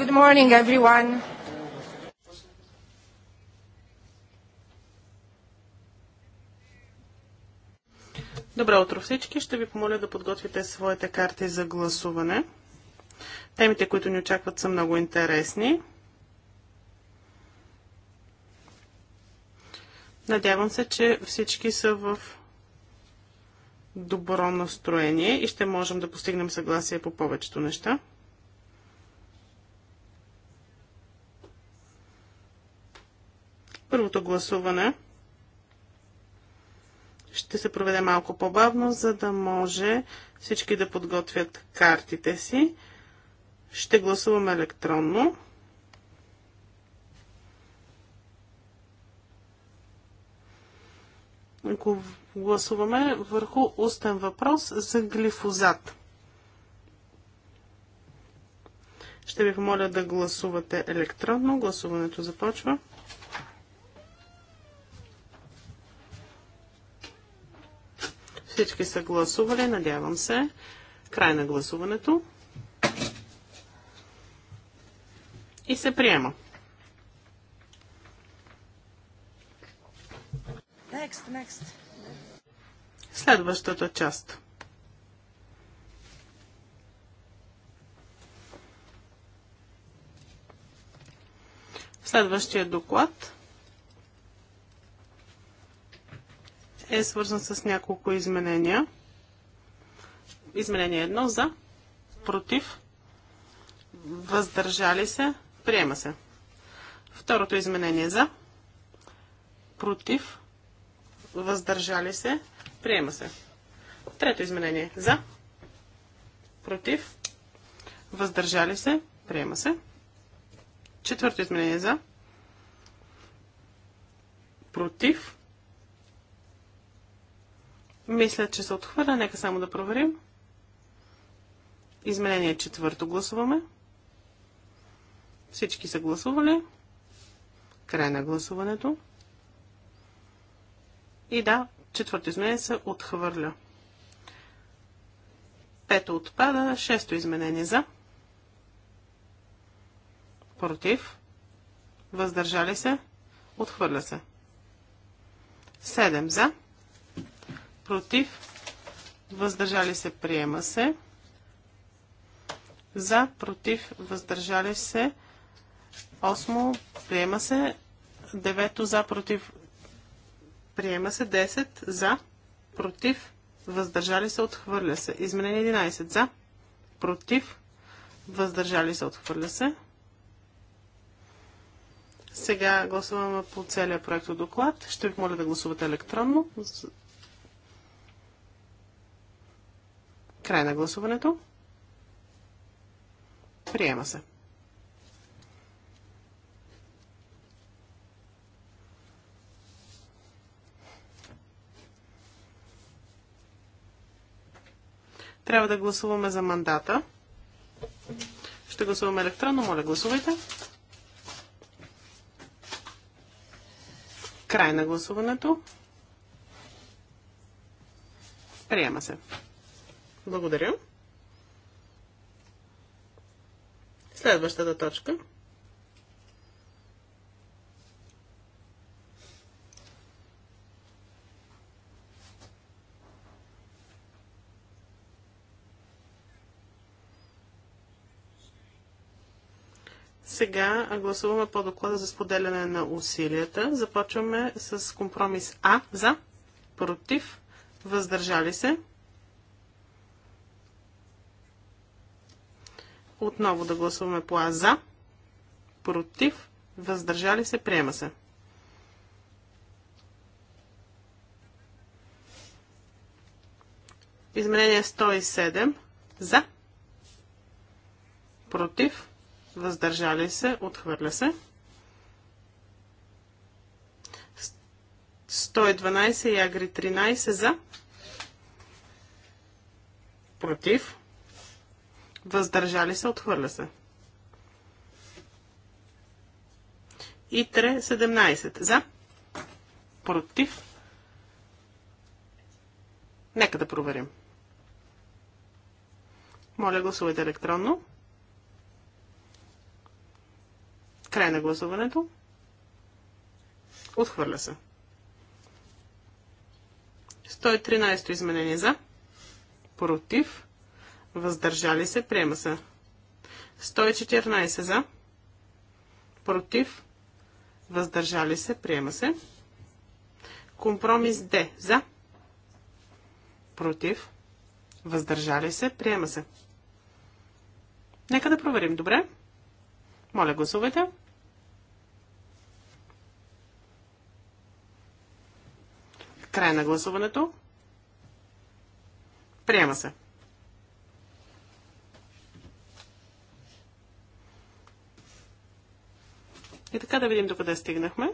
Good morning, everyone. Добро утро всички. Ще ви помоля да подготвите своите карти за гласуване. Темите, които ни очакват, са много интересни. Надявам се, че всички са в добро настроение и ще можем да постигнем съгласие по повечето неща. Първото гласуване ще се проведе малко по-бавно, за да може всички да подготвят картите си. Ще гласуваме електронно. Ако гласуваме върху устен въпрос за глифозат. Ще ви помоля да гласувате електронно. Гласуването започва. Всички са гласували, надявам се. Край на гласуването. И се приема. Next, next. Следващата част. Следващия доклад е свързан с няколко изменения. Изменение едно за, против, въздържали се, приема се. Второто изменение за, против, въздържали се, приема се. Трето изменение за, против, въздържали се, приема се. Четвърто изменение за, против, мисля, че се отхвърля. Нека само да проверим. Изменение четвърто гласуваме. Всички са гласували. Край на гласуването. И да, четвърто изменение се отхвърля. Пето отпада, шесто изменение за. Против. Въздържали се. Отхвърля се. Седем за против, въздържали се, приема се. За, против, въздържали се. Осмо, приема се. Девето, за, против, приема се. Десет, за, против, въздържали се, отхвърля се. Изменение 11, за, против, въздържали се, отхвърля се. Сега гласуваме по целия проект доклад. Ще ви моля да гласувате електронно. Край на гласуването. Приема се. Трябва да гласуваме за мандата. Ще гласуваме електронно. Моля, гласувайте. Край на гласуването. Приема се. Благодаря. Следващата точка. Сега гласуваме по доклада за споделяне на усилията. Започваме с компромис А за, против, въздържали се, Отново да гласуваме по А за, против, въздържали се, приема се. Изменение 107 за, против, въздържали се, отхвърля се. 112 и Агри 13 за, против, въздържали се, отхвърля се. Итре 17. За? Против? Нека да проверим. Моля, гласувайте електронно. Край на гласуването. Отхвърля се. 113 изменение за. Против въздържали се, приема се. 114 за, против, въздържали се, приема се. Компромис Д за, против, въздържали се, приема се. Нека да проверим, добре? Моля, гласувайте. Край на гласуването. Приема се. И така да видим докъде стигнахме.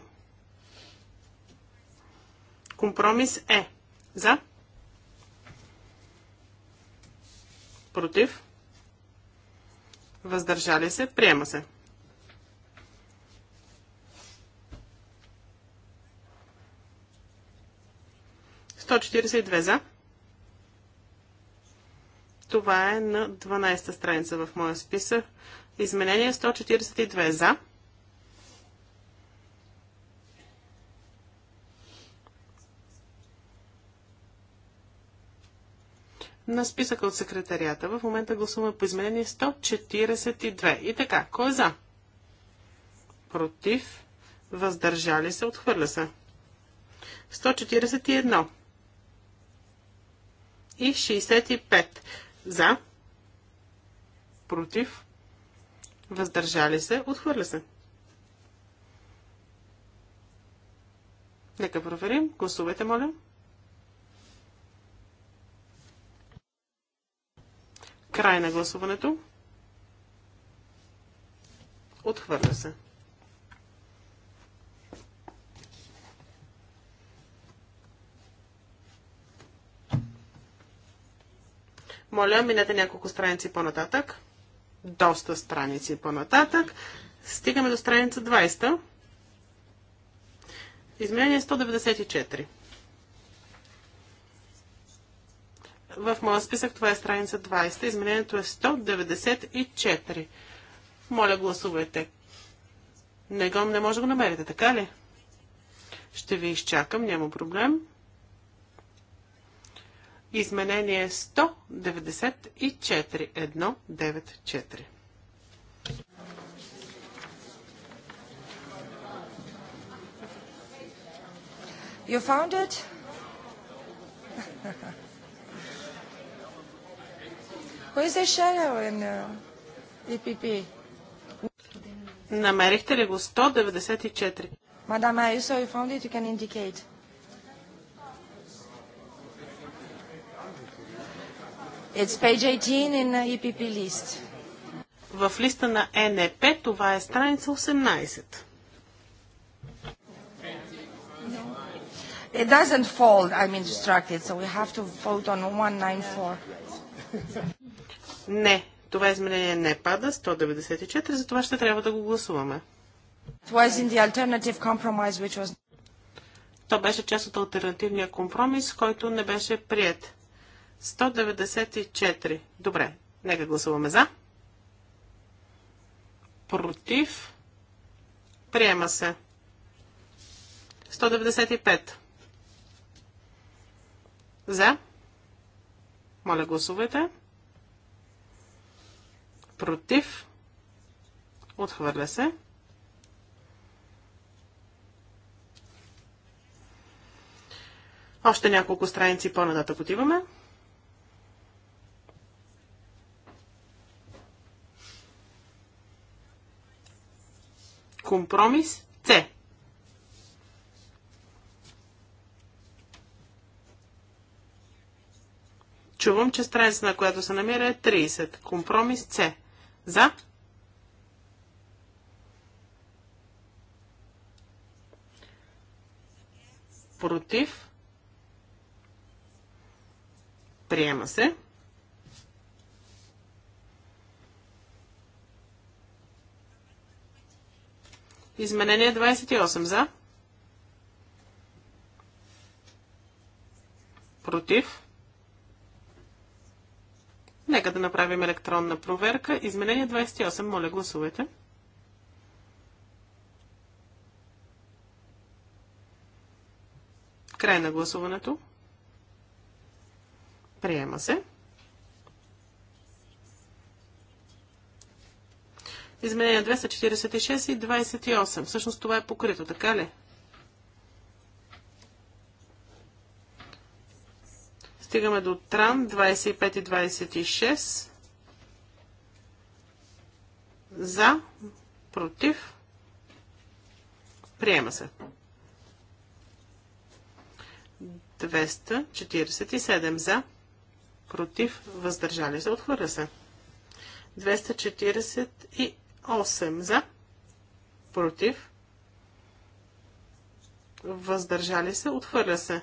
Компромис е за, против, въздържали се, приема се. Сто за. Това е на 12-та страница в моя списък. Изменение 142 за. на списъка от секретарията. В момента гласуваме по изменение 142. И така, кой е за? Против. Въздържали се. Отхвърля се. 141. И 65. За. Против. Въздържали се. Отхвърля се. Нека проверим. Гласувайте, моля. 141. Край на гласуването. Отхвърля се. Моля, минете няколко страници по-нататък. Доста страници по-нататък. Стигаме до страница 20. Изменение 194. в моя списък това е страница 20. Изменението е 194. Моля, гласувайте. Не, го, не може да го намерите, така ли? Ще ви изчакам, няма проблем. Изменение 194194. 194. You found it? Кой се ЕПП? Намерихте ли го? 194. Мадам Айсо, you found you can indicate. It's page 18 in the EPP list. В листа на НЕП това е страница 18. It doesn't fold. I'm instructed, so we have to vote on 194. Не, това изменение не пада, 194, затова ще трябва да го гласуваме. То беше част от альтернативния компромис, който не беше прият. 194. Добре, нека гласуваме за. Против. Приема се. 195. За. Моля, гласувайте против, отхвърля се. Още няколко страници по-нататък отиваме. Компромис С. Чувам, че страница, на която се намира е 30. Компромис С. За. Против. Приема се. Изменение 28 за. Против. Против? Нека да направим електронна проверка. Изменение 28. Моля, гласувайте. Край на гласуването. Приема се. Изменение 246 и 28. Всъщност това е покрито, така ли? Стигаме до Тран 25 и 26. За, против, приема се. 247 за, против, въздържали се, отхвърля се. 248 за, против, въздържали се, отхвърля се.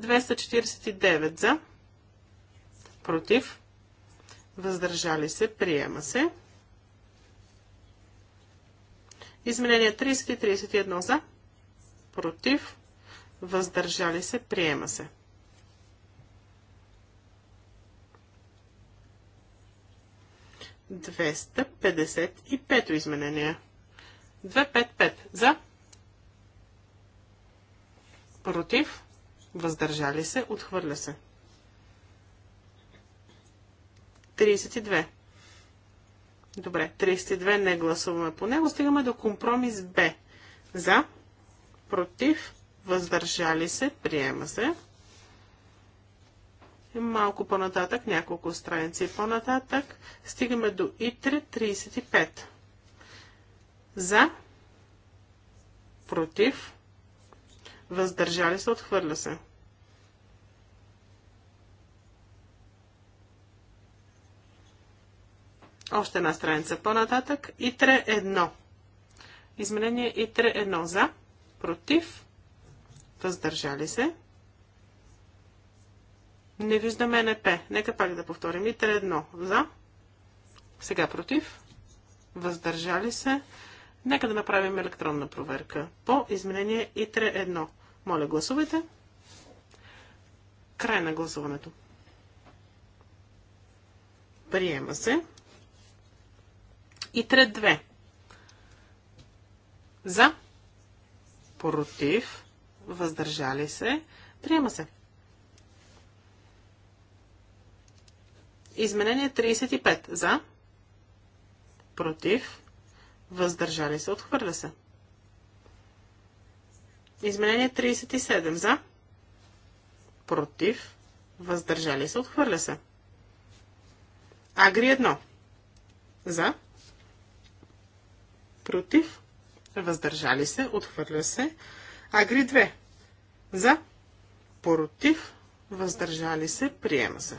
249 за, против, въздържали се, приема се. Изменение 30 31 за, против, въздържали се, приема се. Двеста петдесет и пето изменение. Две пет пет за. Против въздържали се, отхвърля се. 32. Добре, 32 не гласуваме по него. Стигаме до компромис Б. За, против, въздържали се, приема се. И малко по-нататък, няколко страници по-нататък, стигаме до ИТРЕ 35. За, против, въздържали се, отхвърля се. Още една страница по-нататък. И 3-1. Изменение и 3-1 за, против, въздържали се. Не виждаме НП. Нека пак да повторим. И 3-1 за, сега против, въздържали се. Нека да направим електронна проверка по изменение И3.1. Моля, гласувайте. Край на гласуването. Приема се. И3.2. За. Против. Въздържали се. Приема се. Изменение 35. За. Против въздържали се, отхвърля се. Изменение 37 за, против, въздържали се, отхвърля се. Агри 1 за, против, въздържали се, отхвърля се. Агри 2 за, против, въздържали се, приема се.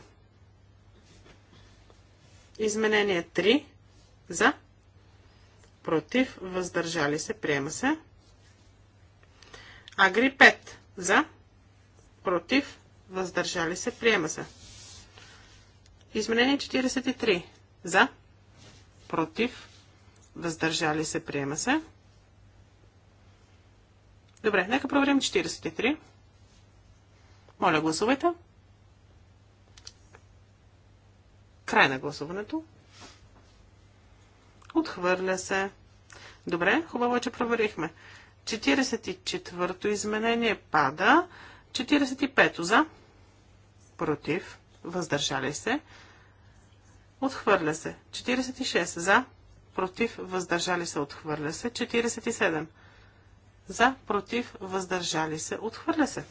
Изменение 3 за, против, против, въздържали се, приема се. Агри 5 за, против, въздържали се, приема се. Изменение 43 за, против, въздържали се, приема се. Добре, нека проверим 43. Моля, гласувайте. Край на гласуването. Отхвърля се. Добре, хубаво, е, че проверихме. 44-то изменение пада. 45-то за. Против. Въздържали се. Отхвърля се. 46 за. Против. Въздържали се. Отхвърля се. 47 за. Против. Въздържали се. Отхвърля се.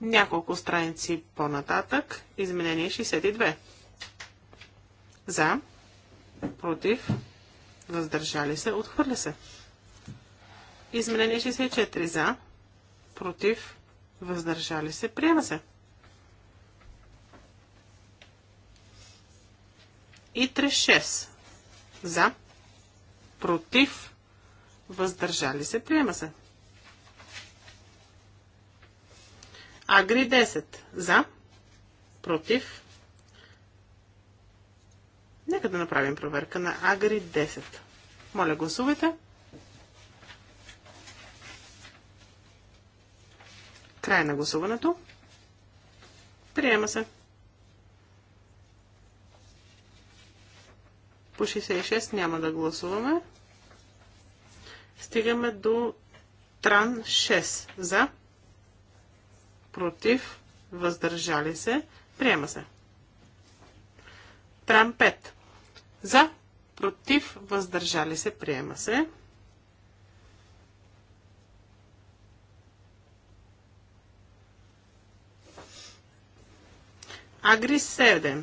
Няколко страници по-нататък. Изменение 62. За. Против. Въздържали се. Отхвърля се. Изменение 64. За. Против. Въздържали се. Приема се. И 36. За. Против. Въздържали се. Приема се. Агри 10. За. Против. Нека да направим проверка на Агри 10. Моля, гласувайте. Край на гласуването. Приема се. По 66 няма да гласуваме. Стигаме до Тран 6. За против, въздържали се, приема се. Трам 5. За, против, въздържали се, приема се. Агри 7.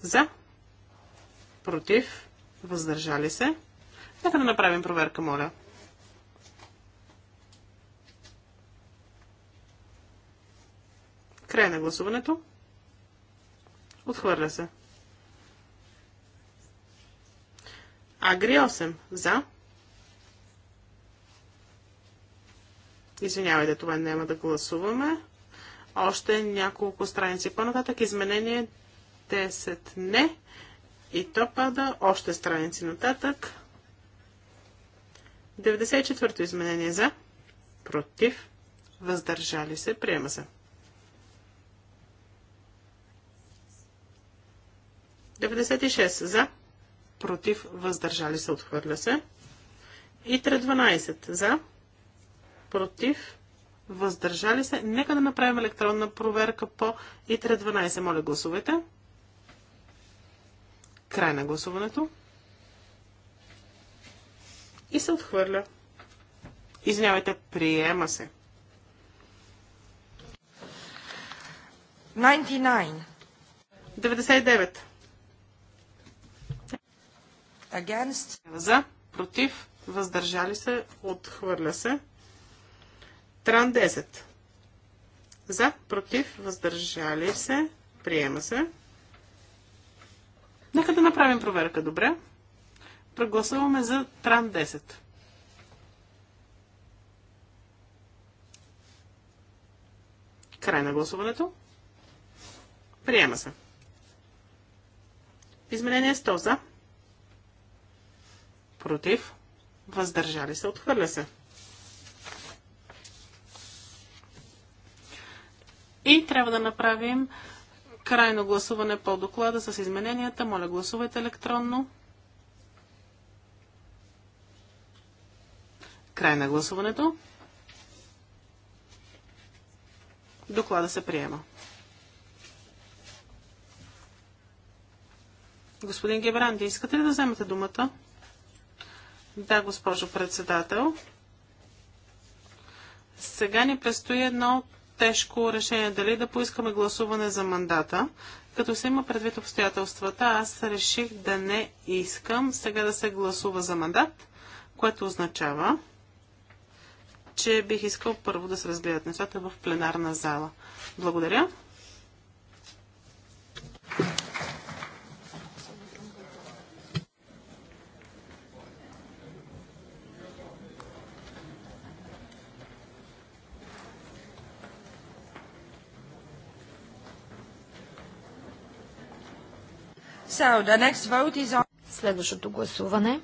За, против, въздържали се. Нека да направим проверка, моля. Край на гласуването. Отхвърля се. Агри 8. За. Извинявайте, това няма да гласуваме. Още няколко страници по-нататък. Изменение 10 не. И то пада още страници нататък. 94-то изменение за. Против. Въздържали се. Приема се. 96 за, против, въздържали се, отхвърля се. И 312 за, против, въздържали се. Нека да направим електронна проверка по и 312. Моля, гласувайте. Край на гласуването. И се отхвърля. Извинявайте, приема се. 99. 99. Against. За. Против. Въздържали се. Отхвърля се. Тран 10. За. Против. Въздържали се. Приема се. Нека да направим проверка, добре? Прогласуваме за Тран 10. Край на гласуването. Приема се. Изменение 100 за против, въздържали се, отхвърля се. И трябва да направим крайно гласуване по доклада с измененията. Моля, гласувайте електронно. Край на гласуването. Доклада се приема. Господин Гебранди, искате ли да вземете думата? Да, госпожо председател. Сега ни предстои едно тежко решение дали да поискаме гласуване за мандата. Като се има предвид обстоятелствата, аз реших да не искам сега да се гласува за мандат, което означава, че бих искал първо да се разгледат нещата в пленарна зала. Благодаря. Следващото гласуване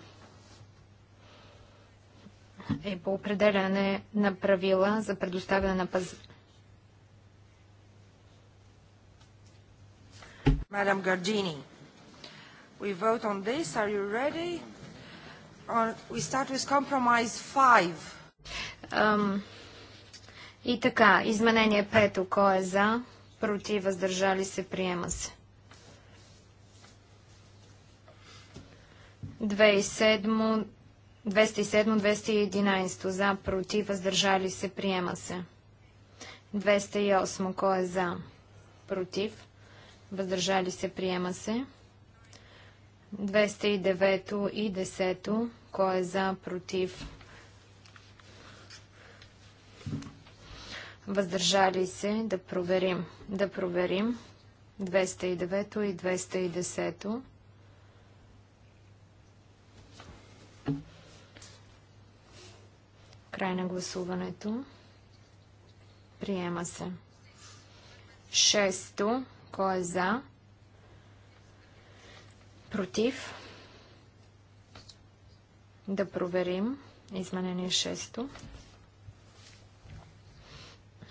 е по определяне на правила за предоставяне на паз... Мадам Gardini, we vote on this. Are you ready? we start with compromise 5. и така, изменение 5, кой е за, против, въздържали се, приема се. 207-211 за, против, въздържали се, приема се. 208 кой е за, против, въздържали се, приема се. 209 и 10 кой е за, против, въздържали се, да проверим, да проверим. 209 и 210 Край на гласуването. Приема се. Шесто. Кой е за? Против. Да проверим. Изменение шесто.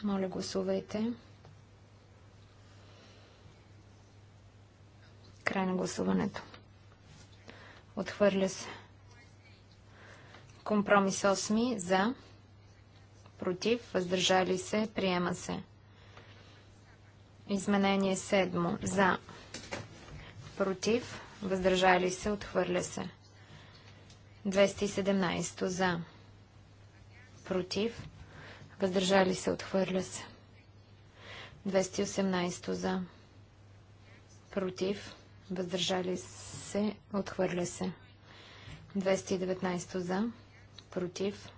Моля, гласувайте. Край на гласуването. Отхвърля се. Компромис 8 за, против, въздържали се, приема се. Изменение 7 за, против, въздържали се, отхвърля се. 217 за, против, въздържали се, отхвърля се. 218 за, против, въздържали се, отхвърля се. 219 за, против,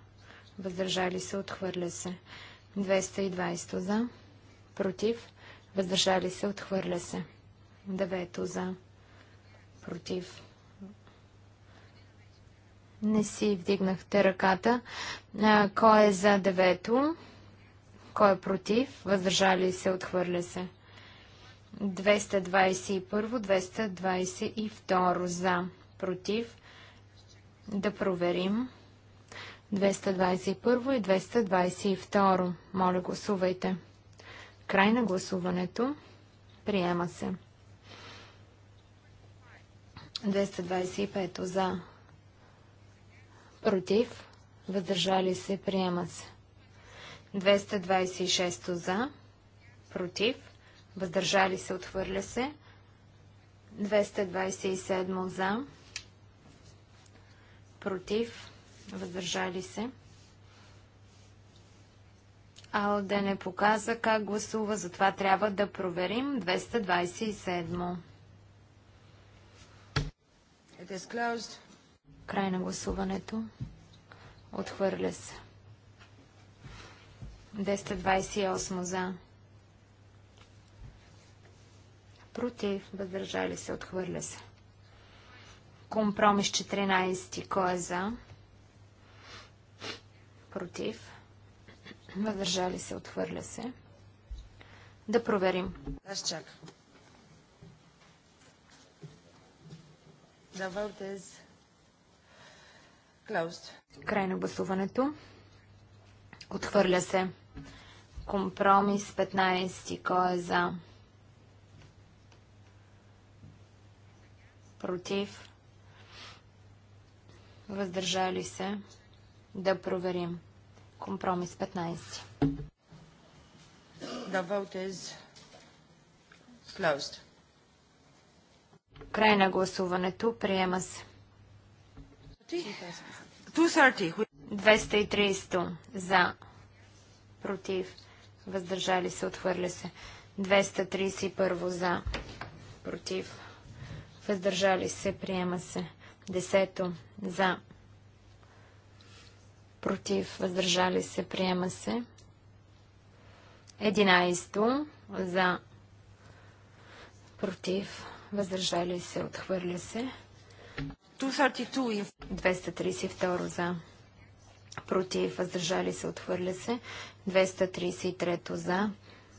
въздържали се, отхвърля се. 220 за, против, въздържали се, отхвърля се. 9 за, против. Не си вдигнахте ръката. А, кой е за девето? Кой е против? Въздържали се, отхвърля се. 221, 222 за, против. Да проверим. 221 и 222. Моля, гласувайте. Край на гласуването. Приема се. 225 за. Против. Въздържали се. Приема се. 226 за. Против. Въздържали се. Отхвърля се. 227 за. Против въздържали се. Алде не показа как гласува, затова трябва да проверим 227. Край на гласуването. Отхвърля се. 228 за. Против. Въздържали се. Отхвърля се. Компромис 14. Кой е за? против, въздържали се, отхвърля се. Да проверим. Аз чакам. The vote is closed. Край на гласуването. Отхвърля се. Компромис 15. Кой е за? Против? Въздържали се? Да проверим. Компромис 15. The vote is closed. Край на гласуването. Приема се. 230. за. Против. Въздържали се. Отхвърля се. 231 за. Против. Въздържали се. Приема се. 10 за против, въздържали се, приема се. 11 за, против, въздържали се, отхвърля се. 232 за, против, въздържали се, отхвърля се. 233 за,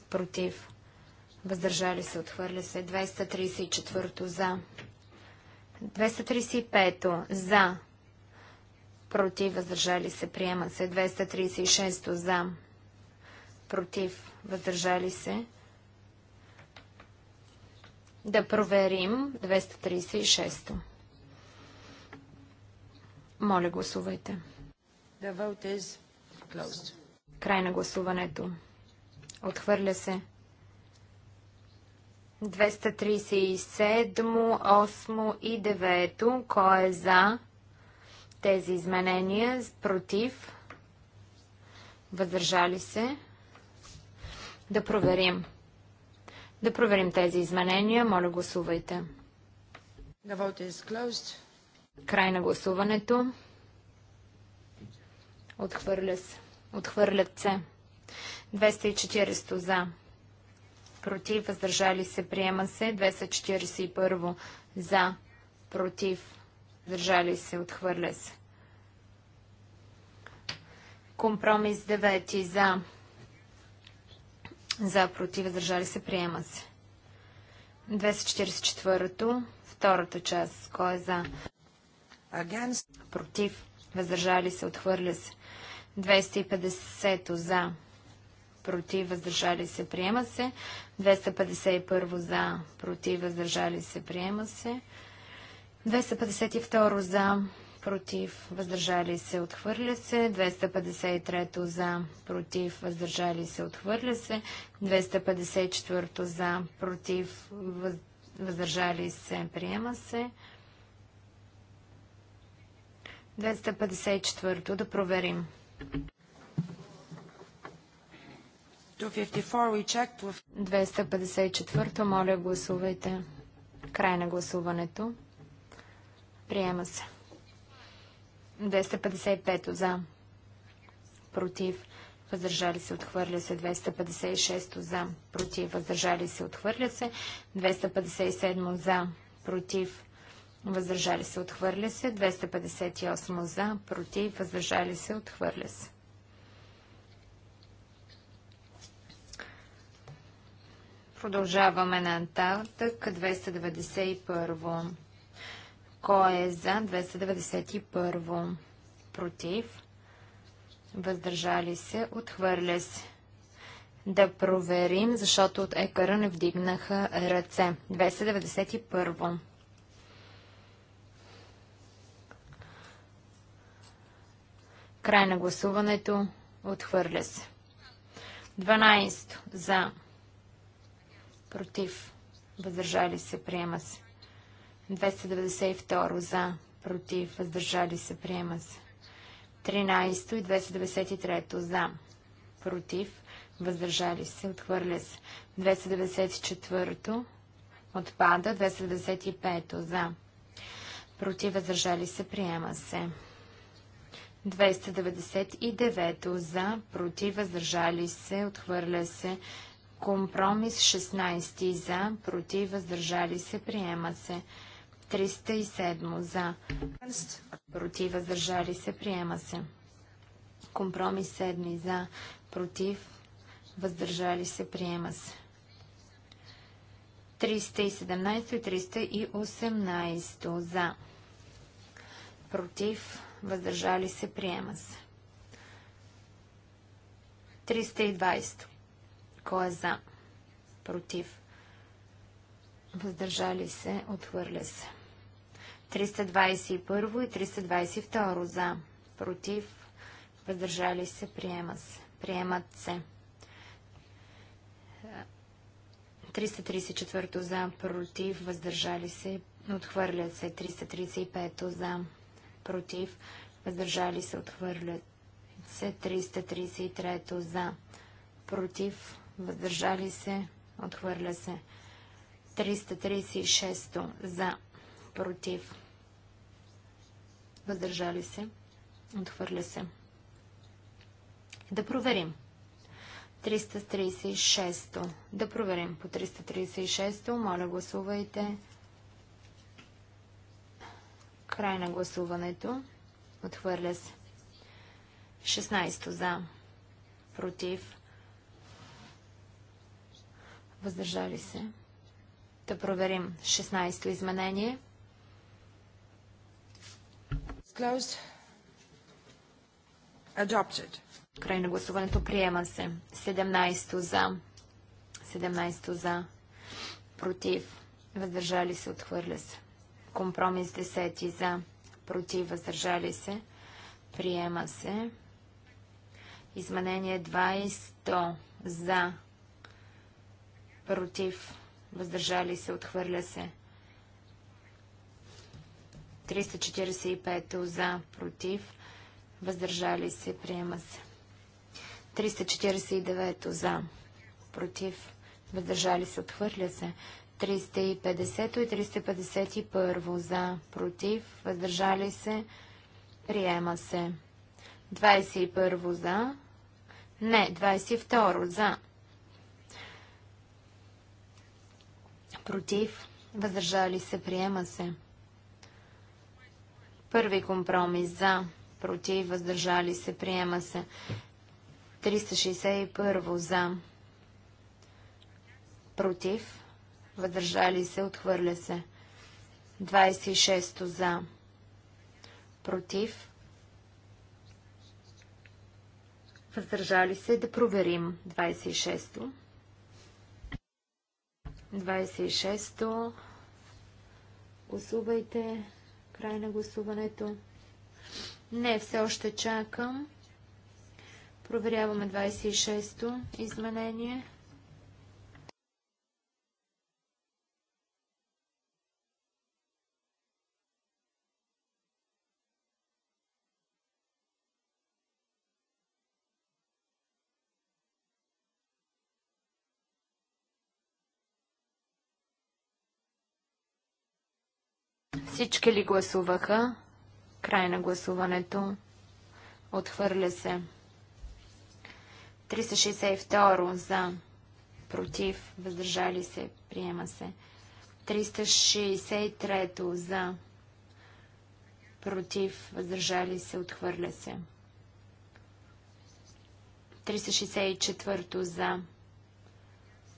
против, въздържали се, отхвърля се. 234 за, 235 за, против, въздържали се, приема се. 236 за, против, въздържали се. Да проверим 236. Моля, гласувайте. The vote is closed. Край на гласуването. Отхвърля се. 237, 8 и 9. Кой е за? тези изменения, против, въздържали се, да проверим. Да проверим тези изменения. Моля, гласувайте. Край на гласуването. Отхвърля се. Отхвърлят се. 240 за. Против, въздържали се, приема се. 241 за. Против, въздържали се, отхвърля се. Компромис 9 за, за, против, въздържали се, приема се. 244-то, втората част, кой е за? Against. Против, въздържали се, отхвърля се. 250 за, против, въздържали се, приема се. 251 за, против, въздържали се, приема се. 252 за, против, въздържали се, отхвърля се. 253 за, против, въздържали се, отхвърля се. 254 за, против, въздържали се, приема се. 254 да проверим. 254 моля гласувайте. Край на гласуването. Приема се. 255 за. Против. Въздържали се. Отхвърля се. 256 за. Против. Въздържали се. Отхвърля се. 257 за. Против. Въздържали се. Отхвърля се. 258 за. Против. Въздържали се. Отхвърля се. Продължаваме на нататък. 291. Кой е за 291? Против? Въздържали се? Отхвърля се. Да проверим, защото от екара не вдигнаха ръце. 291. Край на гласуването. Отхвърля се. 12. За. Против. Въздържали се. Приема се. 292 за, против, въздържали се, приема се. 13 и 293 за, против, въздържали се, отхвърля се. 294 отпада, 295 за, против, въздържали се, приема се. 299 за, против, въздържали се, отхвърля се. Компромис 16 за, против, въздържали се, приема се. 307 за. Против, въздържали се, приема се. Компромис 7 за. Против, въздържали се, приема се. 317 и 318 за. Против, въздържали се, приема се. 320. Кой е за? Против. Въздържали се, отхвърля се. 321 и 322 за, против, въздържали се, приема се. Приемат се. 334 за, против, въздържали се, отхвърлят се. 335 за, против, въздържали се, отхвърлят се. 333 за, против, въздържали се, отхвърля се. 336 за, против, въздържали се, отхвърля се. Да проверим. 336. Да проверим по 336. Моля, гласувайте. Край на гласуването. Отхвърля се. 16 за. Против. Въздържали се. Да проверим 16 изменение. Closed. Adopted. Край на гласуването приема се. 17 за. 17 за. Против. Въздържали се. Отхвърля се. Компромис 10 за. Против. Въздържали се. Приема се. Изменение 20 за. Против. Въздържали се. Отхвърля се. 345 за, против, въздържали се, приема се. 349 за, против, въздържали се, отхвърля се. 350 и 351 за, против, въздържали се, приема се. 21 за, не, 22 за, против, въздържали се, приема се. Първи компромис за, против, въздържали се, приема се. 361 за, против, въздържали се, отхвърля се. 26 за, против, въздържали се, да проверим 26-то. 26-то. Гласувайте. Край на гласуването. Не, все още чакам. Проверяваме 26-то изменение. Всички ли гласуваха? Край на гласуването. Отхвърля се. 362 за. Против. Въздържали се. Приема се. 363 за. Против. Въздържали се. Отхвърля се. 364 за.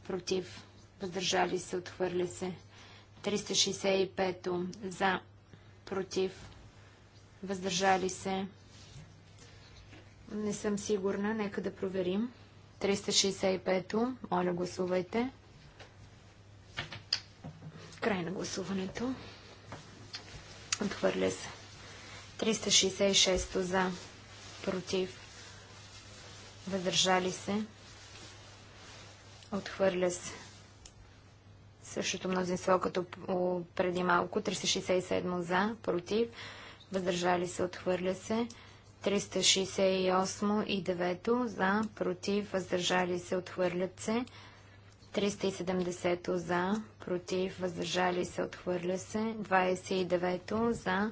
Против. Въздържали се. Отхвърля се. 365 за, против, въздържали се. Не съм сигурна, нека да проверим. 365 моля гласувайте. Край на гласуването. Отхвърля се. 366 за, против, въздържали се. Отхвърля се. Същото мнозинство като преди малко. 367 за, против, въздържали се, отхвърля се. 368 и 9 за, против, въздържали се, отхвърлят се. 370 за, против, въздържали се, отхвърля се. 29 за,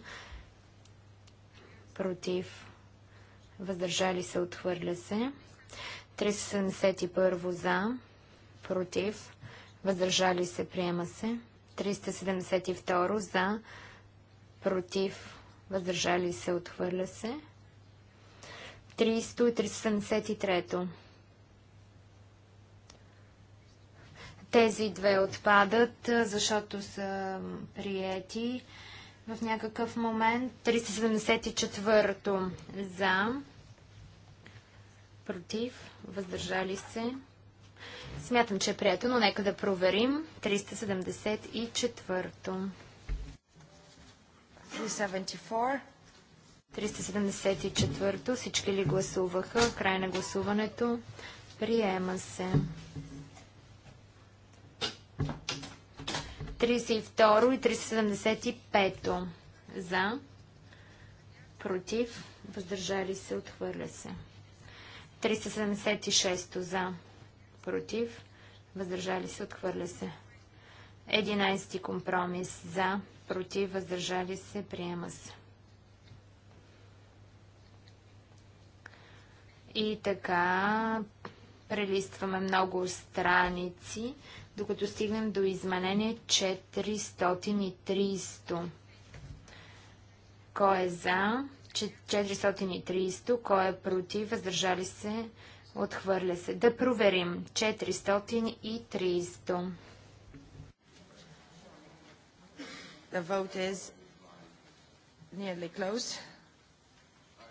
против, въздържали се, отхвърля се. 371 за, против, въздържали се, приема се. 372 за, против, въздържали се, отхвърля се. 373. Тези две отпадат, защото са приети в някакъв момент. 374 за, против, въздържали се, Смятам, че е прието, но нека да проверим. 374-то. 374. 374-то. Всички ли гласуваха? Край на гласуването. Приема се. 32 и 375 за, против, въздържали се, отхвърля се. 376 за, против, въздържали се, отхвърля се. 11 компромис за, против, въздържали се, приема се. И така прелистваме много страници, докато стигнем до изменение 430. Кой е за? 430. Кой е против? Въздържали се? Отхвърля се. Да проверим. 430. The vote is nearly closed.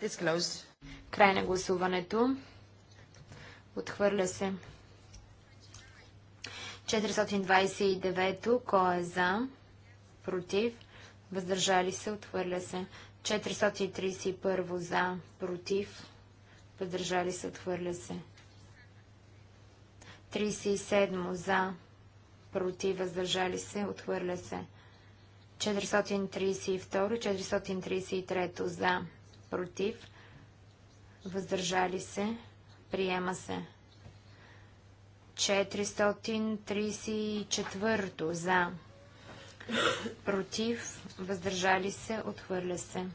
It's closed. Край на гласуването. Отхвърля се. 429. Кой е за? Против? Въздържали се? Отхвърля се. 431 за? Против? въздържали се, отхвърля се. 37 за, против, въздържали се, отхвърля се. 432, 433 за, против, въздържали се, приема се. 434 за, против, въздържали се, отхвърля се.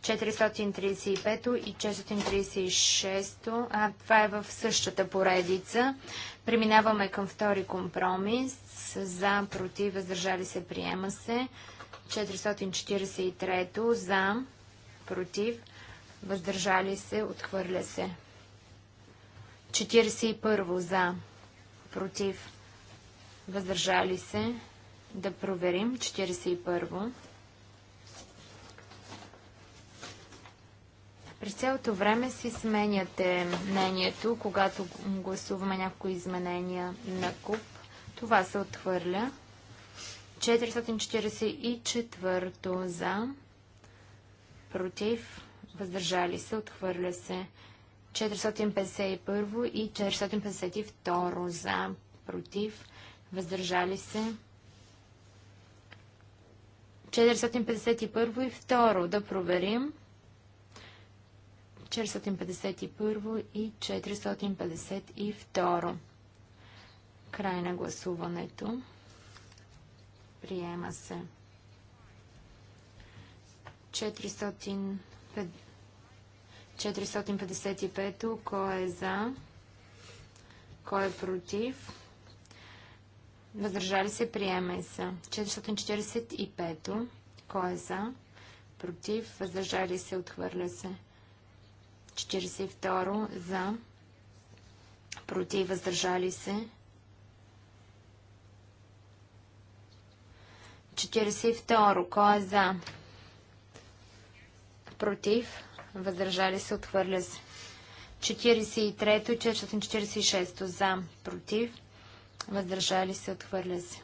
435 и 436. А, това е в същата поредица. Преминаваме към втори компромис. За, против, въздържали се, приема се. 443 за, против, въздържали се, отхвърля се. 41 за, против, въздържали се. Да проверим. 41. През цялото време си сменяте мнението, когато гласуваме някои изменения на куп. Това се отхвърля. 444 за, против, въздържали се, отхвърля се. 451 и 452 за, против, въздържали се. 451 и 2 да проверим. 451 и 452. Край на гласуването. Приема се. 400... 455. Кой е за? Кой е против? Въздържали се, приема се. 445. Кой е за? Против? Въздържали се, отхвърля се. 42 за, против, въздържали се. 42. Кой е за? Против, въздържали се, отхвърля се. 43 и 446 за, против, въздържали се, отхвърля се.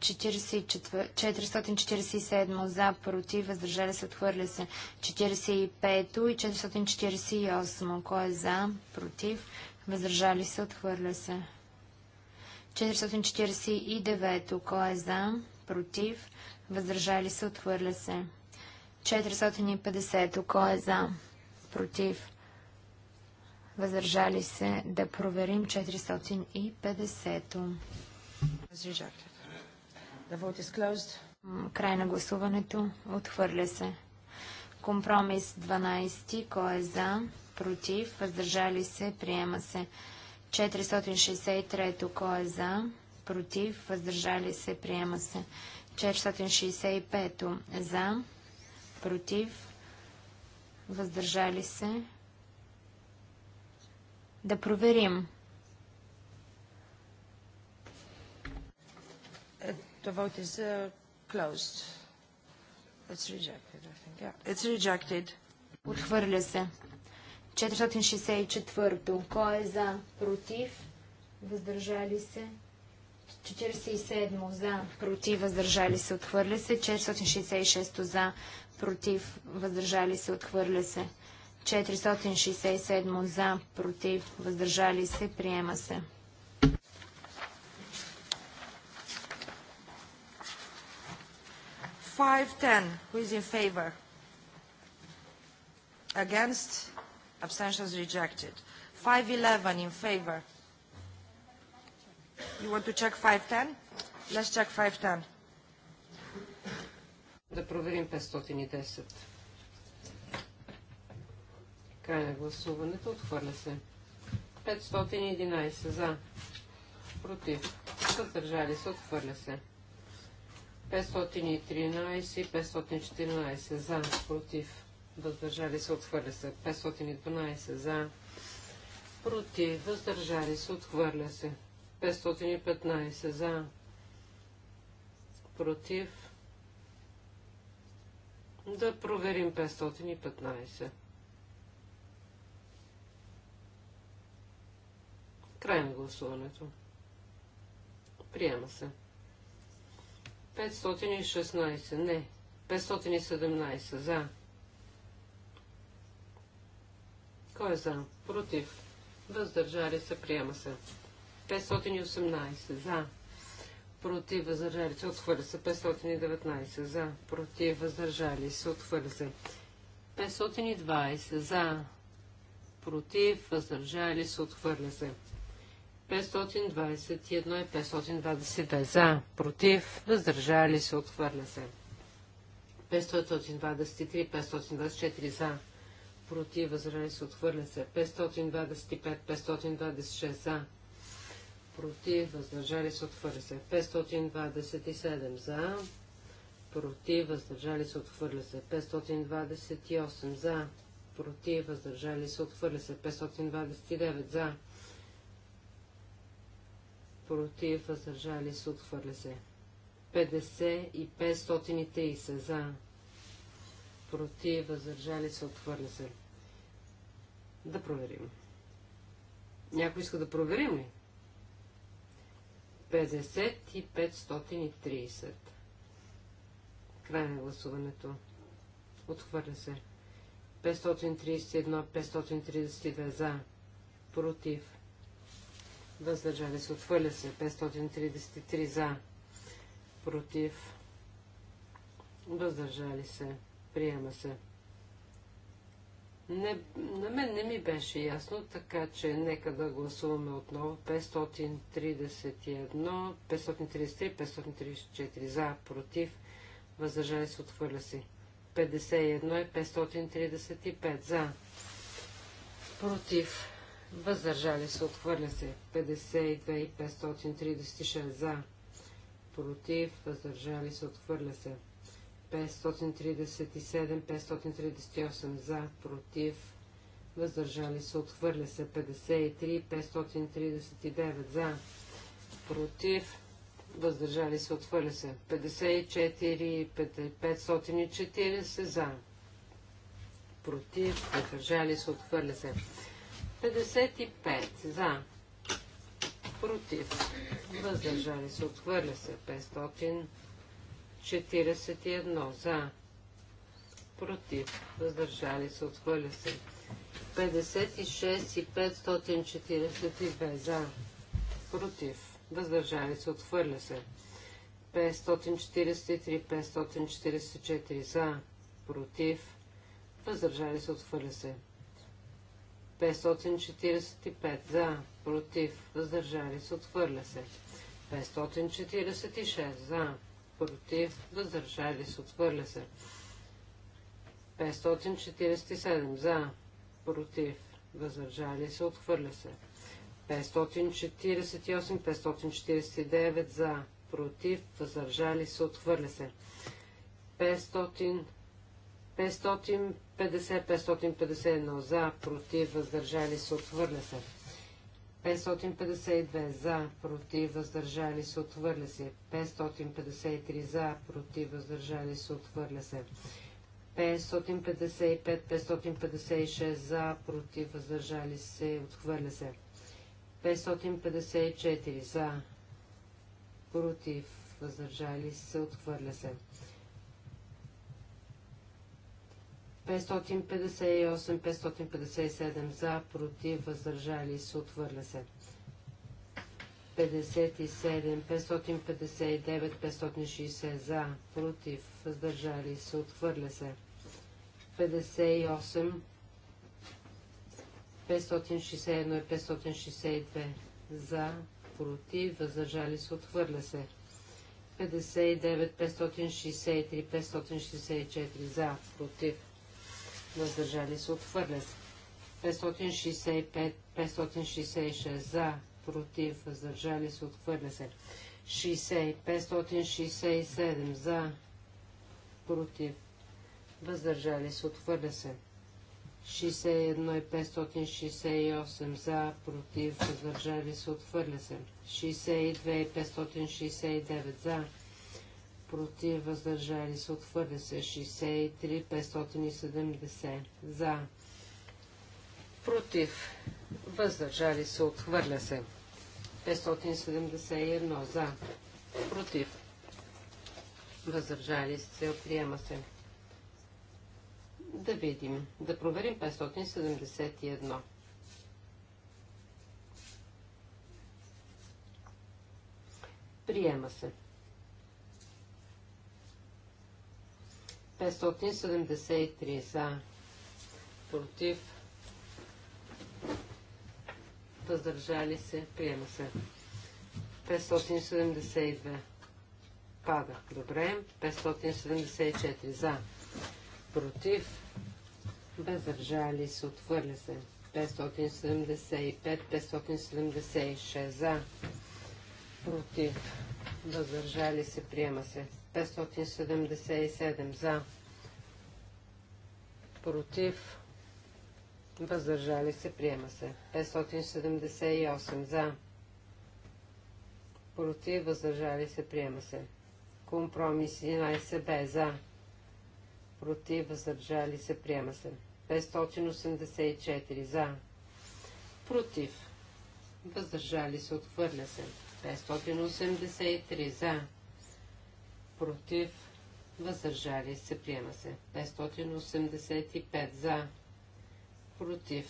447 за, против, въздържали се, отхвърля се. 45 и 448. Кой е за, против, въздържали се, отхвърля се. 449. Кой е за, против, въздържали се, отхвърля се. 450. Кой е за, против, въздържали се, да проверим 450. Rejected. Край на гласуването. Отхвърля се. Компромис 12. Кой е за? Против? Въздържали се? Приема се. 463. Кой е за? Против? Въздържали се? Приема се. 465. За? Против? Въздържали се? Да проверим. The vote is uh, closed. It's rejected, I think. Yeah. It's rejected. Отхвърля се. 464-то. Кой е за? Против? Въздържали се? 47 за, против, въздържали се, отхвърля се. 466 за, против, въздържали се, отхвърля се. 467 за, против, въздържали се, приема се. 510, who is in favor? Against? Abstentions rejected. 511 in favor. You want to check 510? Let's check 510. Да проверим 510. Край на гласуването. Отхвърля се. 511 за. Против. Съдържали се. Отхвърля се. 513 514 за, против, въздържали се, отхвърля се. 512 за, против, въздържали се, отхвърля се. 515 за, против. Да проверим 515. Край на гласуването. Приема се. 516. Не. 517. За. Кой е за? Против. Въздържали се. Приема се. 518. За. Против. Въздържали се. Отхвърля се. 519. За. Против. Въздържали се. Отхвърля се. 520. За. Против. Въздържали се. Отхвърля се. 521 и 522 за, против, въздържали се, отхвърля се. 523, 524 за, против, въздържали се, отхвърля се. 525, 526 за, против, въздържали се, отхвърля се. 527 за, против, въздържали се, отхвърля се. 528 за, против, въздържали се, отхвърля се. 529 за, против, въздържали се, отхвърля се. 50 и 530 за, против, въздържали се, отхвърля се. Да проверим. Някой иска да проверим ли? 50 и 530. Край на гласуването. Отхвърля се. 531, 532 за. Против въздържали се, отхвърля се, 533 за, против, въздържали се, приема се. Не, на мен не ми беше ясно, така че нека да гласуваме отново 531, 533, 534 за, против, въздържали се, отхвърля се. 51 и 535 за, против, въздържали се, отхвърля се 52 и 536 за, против, въздържали се, отхвърля се 537, 538 за, против, въздържали се, отхвърля се 53, 539 за, против, въздържали се, отхвърля се 54, 540 за, против, въздържали се, отхвърля се 55 за. Против. Въздържали се. Отхвърля се. 541 за. Против. Въздържали се. Отхвърля се. 56 и 542 за. Против. Въздържали се. Отхвърля се. 543, 544 за. Против. Въздържали се. Отхвърля се. 545 за, против, въздържали се, отхвърля се. 546 за, против, въздържали се, отхвърля се. 547 за, против, въздържали се, отхвърля се. 548, 549 за, против, въздържали се, отхвърля се. 500 550-551 за, против, въздържали се, отхвърля се. 552 за, против, въздържали се, отхвърля се. 553 за, против, въздържали се, отхвърля се. 555-556 за, против, въздържали се, отхвърля се. 554 за, против, въздържали се, отхвърля се. 558-557 за, против, въздържали се, отвърля се. 57, 559, 560 за, против, въздържали се, отхвърля се. 58, 561 и 562 за, против, въздържали се, отхвърля се. 59, 563, 564 за, против, въздържали се, отхвърлят. се. 565, 566 за, против, въздържали се, отхвърля се. 60, 567 за, против, въздържали се, отхвърля се. 61 и 568 за, против, въздържали се, отхвърля се. 62 и 569 за, против, въздържали се, отхвърля се 63, 570 за, против, въздържали се, отхвърля се 571 за, против, въздържали се, приема се. Да видим, да проверим 571. Приема се. 573 за, против, въздържали се, приема се. 572 пада. Добре. 574 за, против, въздържали се, отвърля се. 575, 576 за, против, въздържали се, приема се. 577 за, против, въздържали се, приема се. 578 за, против, въздържали се, приема се. Компромис 11 б за, против, въздържали се, приема се. 584 за, против, въздържали се, отхвърля се. 583 за, против, въздържали се, приема се. 585 за, против,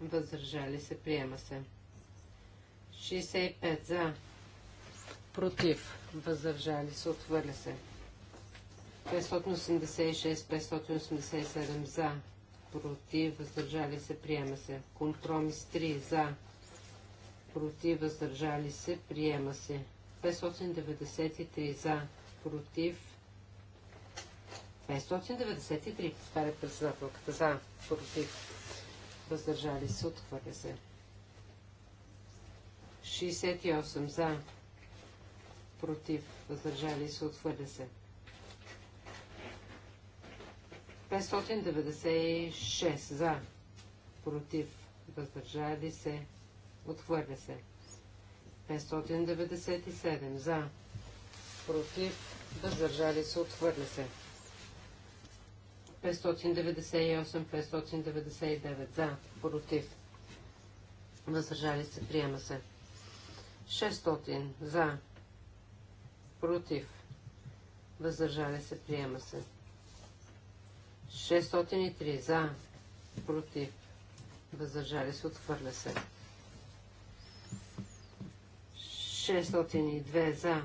въздържали се, приема се. 65 за, против, въздържали се, отвърля се. 586, 587 за, против, въздържали се, приема се. Компромис 3 за, против, въздържали се, приема се. 593 за, против. 593. Повтаря председателката. За, против. Въздържали се. Отхвърля се. 68. За, против. Въздържали се. Отхвърля се. 596. За, против. Въздържали се. Отхвърля се. 597. За, против въздържали се, отхвърля се. 598-599 за, против, въздържали се, приема се. 600 за, против, въздържали се, приема се. 603 за, против, въздържали се, отхвърля се. 602 за,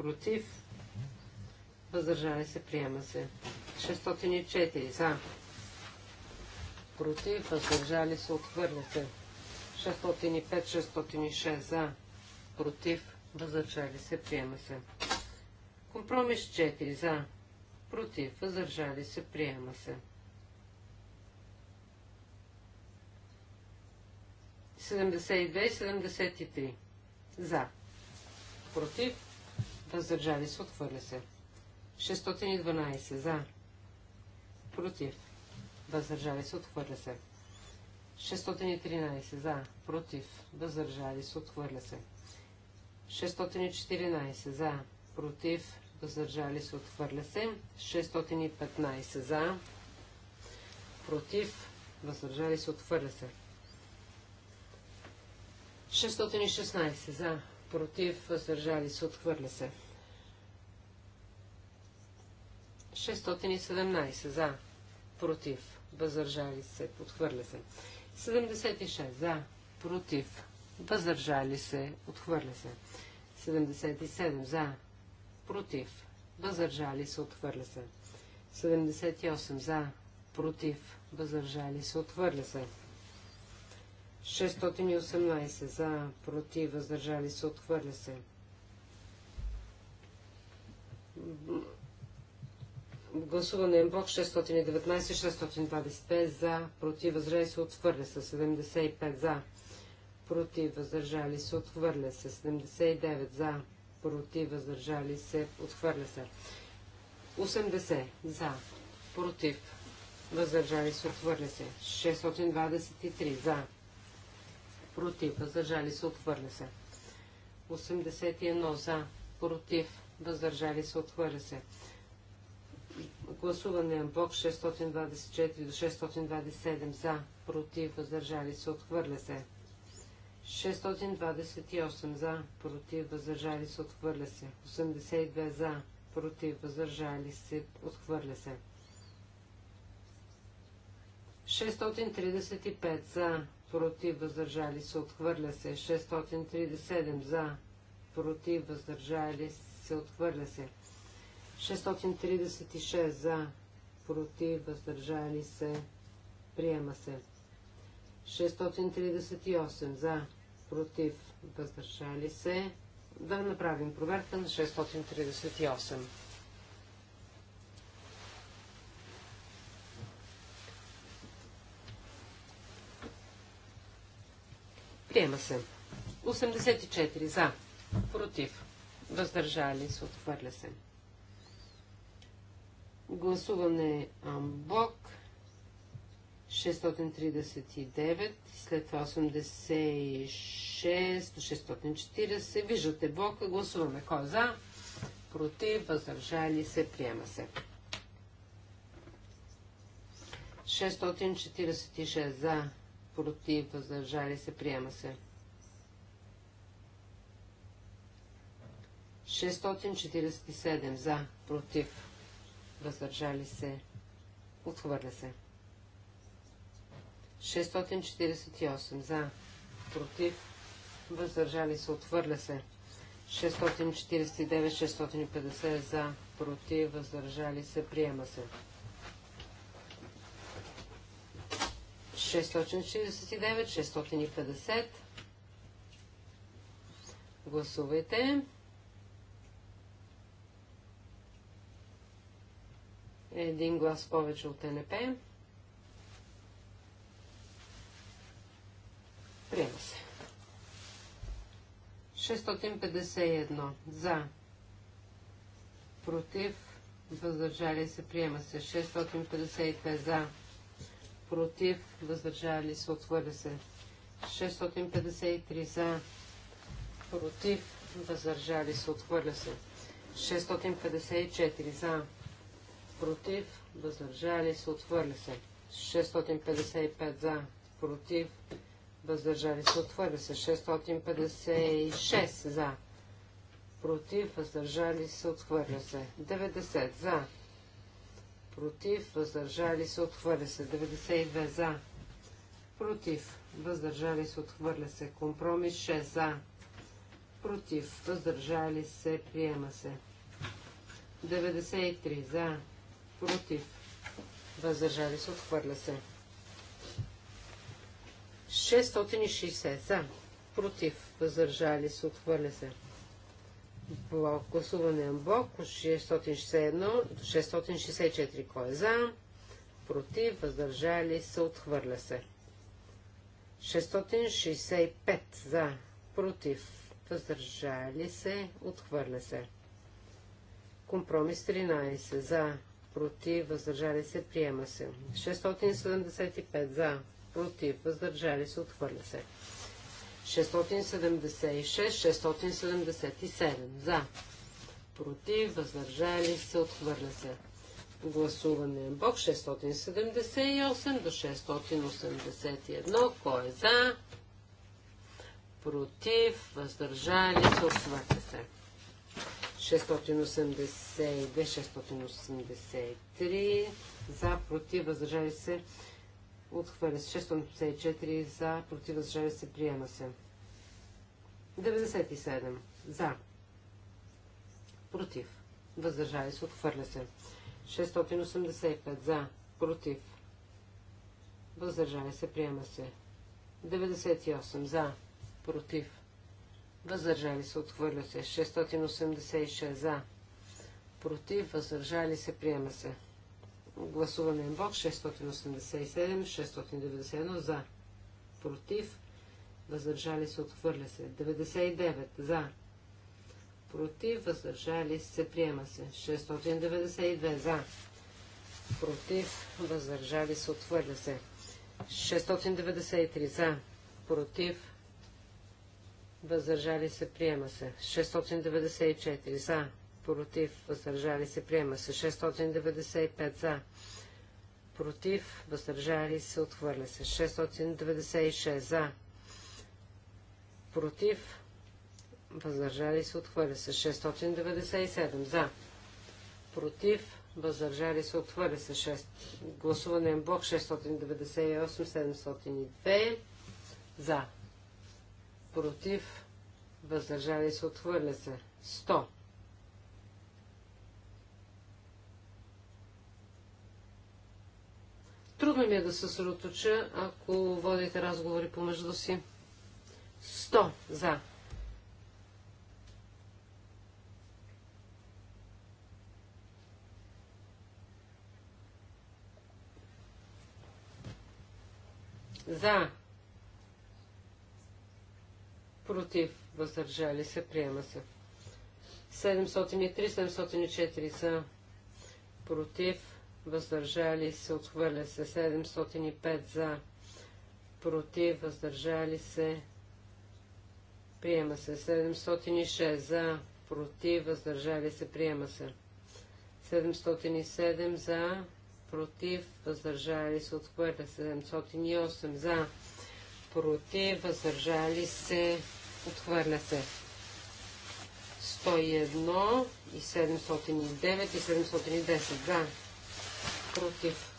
против, въздържали се, приема се. 604 за, против, въздържали се, отхвърля се. 605, 606 за, против, въздържали се, приема се. Компромис 4 за, против, въздържали се, приема се. 72 и 73 за, против, Въздържали се. Отхвърля се. 612. За. Против. Въздържали се. Отхвърля се. 613. За. Против. Въздържали се. Отхвърля се. 614. За. Против. Въздържали се. Отхвърля се. 615. За. Против. Въздържали се. Отхвърля се. 616. За против, въздържали се, отхвърля се. 617 за, против, въздържали се, отхвърля се. 76 за, против, въздържали се, отхвърля се. 77 за, против, въздържали се, отхвърля се. 78 за, против, въздържали се, отхвърля се. 618 за, против, въздържали се, отхвърля се. Гласуване Бог, 619-625 за, против, въздържали се, отхвърля се. 75 за, против, въздържали се, отхвърля се. 79 за, против, въздържали се, отхвърля се. 80 за, против, въздържали се, отхвърля се. 623 за, против, въздържали се, отхвърля се. 81 за, против, въздържали се, отхвърля се. Гласуване на блок 624 до 627 за, против, въздържали се, отхвърля се. 628 за, против, въздържали се, отхвърля се. 82 за, против, въздържали се, отхвърля се. 635 за, против, въздържали се, отхвърля се. 637 за, против, въздържали се, отхвърля се. 636 за, против, въздържали се, приема се. 638 за, против, въздържали се. Да направим проверка на 638. Приема се. 84 за. Против. Въздържали се. Отхвърля се. Гласуване Амбок. 639, след това 86, 640. Виждате Бог. гласуваме кой е за, против, въздържали се, приема се. 646 за, против, въздържали се, приема се. 647 за, против, въздържали се, отхвърля се. 648 за, против, въздържали се, отхвърля се. 649, 650 за, против, въздържали се, приема се. 649, 650. Гласувайте. Един глас повече от НП. Приема се. 651 за. Против. Въздържали се. Приема се. 652 за против, въздържали се, отхвърля се. 653 за, против, въздържали се, отхвърля се. 654 за, против, въздържали се, отхвърля се. 655 за, против, въздържали се, отхвърля се. 656 за, против, въздържали се, отхвърля се. 90 за, против, въздържали се, отхвърля се. 92 за, против, въздържали се, отхвърля се. Компромис 6 за, против, въздържали се, приема се. 93 за, против, въздържали се, отхвърля се. 660 за, против, въздържали се, отхвърля се блок, гласуване на блок 661 до 664. Кой е за? Против, въздържали се, отхвърля се. 665 за, против, въздържали се, отхвърля се. Компромис 13 за, против, въздържали се, приема се. 675 за, против, въздържали се, отхвърля се. 676-677. За. Против. Въздържали се. Отхвърля се. Гласуване Бог 678 до 681. Кой е за? Против. Въздържали се. Отхвърля се. 682-683. За. Против. Въздържали се. Отхвърля се. 654 за. Против въздържали се. Приема се. 97 за. Против. Въздържали се. Отхвърля се. 685 за. Против. Въздържали се. Приема се. 98 за. Против. Въздържали се. Отхвърля се. 686 за. Против. Въздържали се. Приема се. Гласуваме Бог, 687, 691 за, против, въздържали се, отхвърля се. 99 за, против, въздържали се, приема се. 692 за, против, въздържали се, отхвърля се. 693 за, против, въздържали се, приема се. 694 за, против, въздържали се, приема се. 695 за, против, въздържали се, отхвърля се. 696 за, против, въздържали се, отхвърля се. 697 за, против, въздържали се, отхвърля се. 6. Гласуване Бог, 698-702 за, против, въздържали се, отхвърля се. 100 Трудно ми е да се съсредоточа, ако водите разговори помежду си. 100 за. За. Против. Въздържали се. Приема се. 703, 704 за. Против въздържали се, отхвърля се 705 за, против, въздържали се, приема се 706 за, против, въздържали се, приема се 707 за, против, въздържали се, отхвърля 708 за, против, въздържали се, отхвърля се. 101 и 709 и 710 за, против,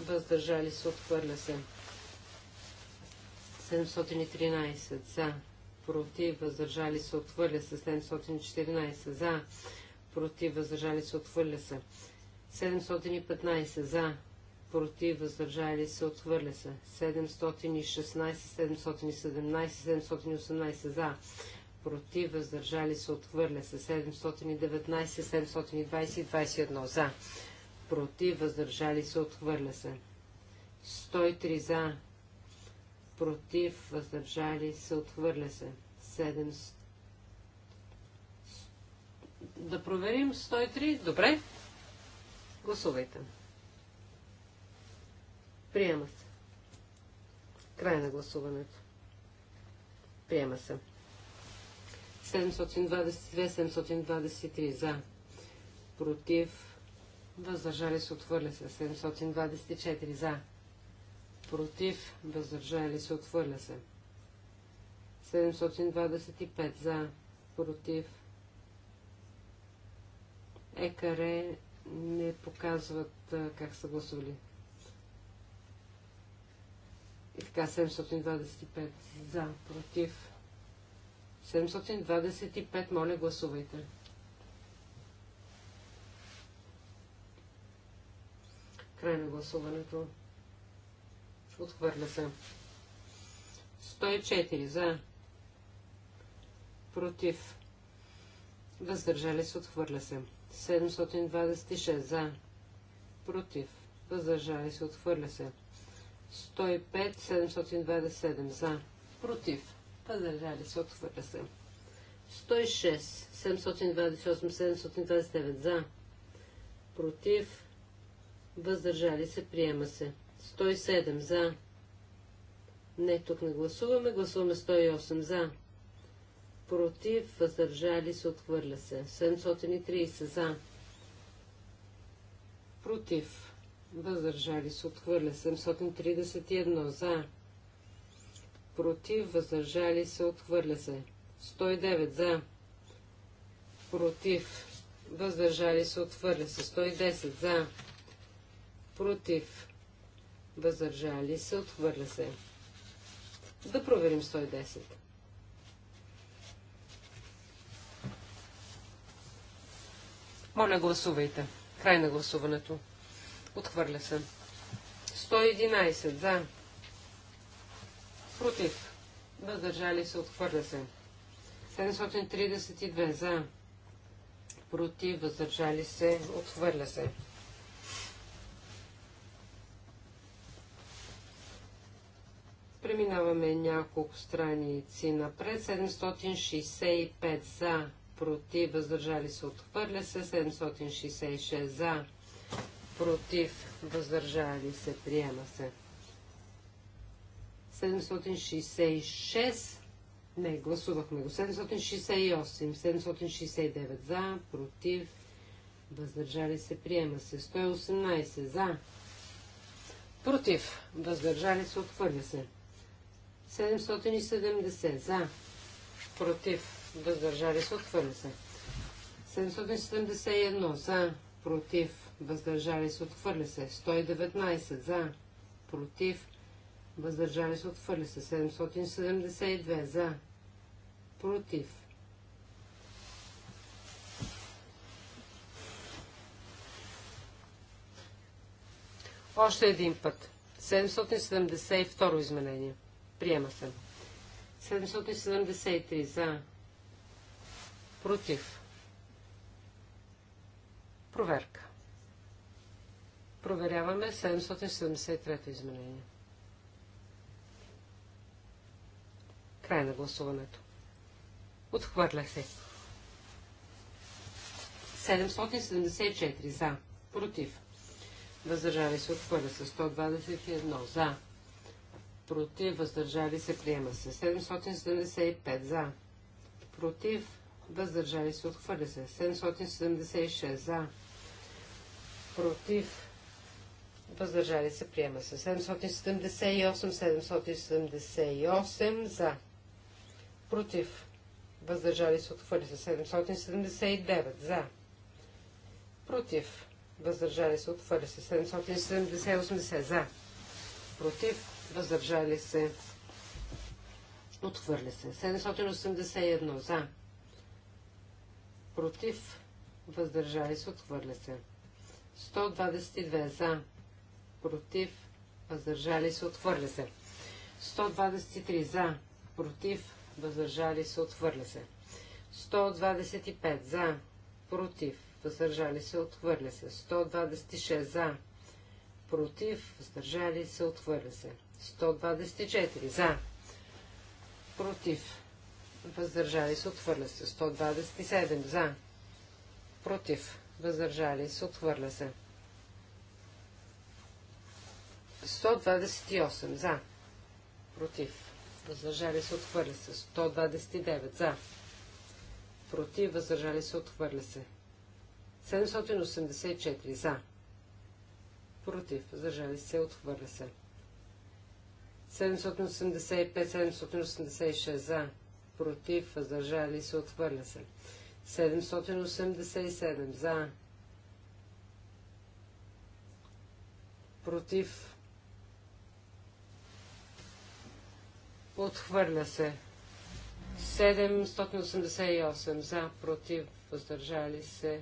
въздържали се, отхвърля се. 713 за, против, въздържали се, отхвърля се. 714 за, против, въздържали се, отхвърля се. 715 за, против, въздържали се, отхвърля се. 716, 717, 718 за, против, въздържали се, отхвърля се. 719, 720 21 за против, въздържали се, отхвърля се. 103 за, против, въздържали се, отхвърля се. 7. Да проверим 103. Добре. Гласувайте. Приема се. Край на гласуването. Приема се. 722-723 за. Против въздържали се, отвърля се. 724 за, против, въздържали се, отвърля се. 725 за, против. Екаре не показват как са гласували. И така 725 за, против. 725, моля гласувайте. Край на гласуването. Отхвърля се. 104 за. Против. Въздържали се. Отхвърля се. 726 за. Против. Въздържали се. Отхвърля се. 105 727 за. Против. Въздържали се. Отхвърля се. 106 728 729 за. Против въздържали се, приема се. 107 за. Не, тук не гласуваме. Гласуваме 108 за. Против, въздържали се, отхвърля се. 730 за. Против, въздържали се, отхвърля. 731 за. Против, въздържали се, отхвърля се. 109 за. Против, въздържали се, отхвърля се. 110 за против, въздържали се, отхвърля се. Да проверим 110. Моля, гласувайте. Край на гласуването. Отхвърля се. 111 за. Против. Въздържали се. Отхвърля се. 732 за. Против. Въздържали се. Отхвърля се. Преминаваме няколко страници напред. 765 за, против, въздържали се, отхвърля се. 766 за, против, въздържали се, приема се. 766 не, гласувахме го. 768, 769 за, против, въздържали се, приема се. 118 за, против, въздържали се, отхвърля се. 770 за. Против. Въздържали се. Отхвърля се. 771 за. Против. Въздържали се. Отхвърля се. 119 за. Против. Въздържали се. Отхвърля се. 772 за. Против. Още един път. 772 изменение. 772. Приема се. 773 за. Против. Проверка. Проверяваме 773 изменение. Край на гласуването. Отхвърля се. 774 за. Против. Въздържали се отхвърля с 121 за против, въздържали се, приема се. 775 за, против, въздържали се, отхвърля се. 776 за, против, въздържали се, приема се. 778, 778 за, против, въздържали се, отхвърля се. 779 за, против, въздържали се, отхвърля се. 778 за, против, въздържали се, отхвърля се. 781 за, против, въздържали се, отхвърля се. 122 за, против, въздържали се, отхвърля се. 123 за, против, въздържали се, отхвърля се. 125 за, против, въздържали се, отхвърля се. 126 за, против, въздържали се, отхвърля се. 124 за, против, въздържали се, отхвърля се. 127 за, против, въздържали се, отхвърля се. 128 за, против, въздържали се, отхвърля се. 129 за, против, въздържали се, отхвърля се. 784 за, против, въздържали се, отхвърля се. 785-786 за, против, въздържали се, отхвърля се. 787 за, против, отхвърля се. 788 за, против, въздържали се,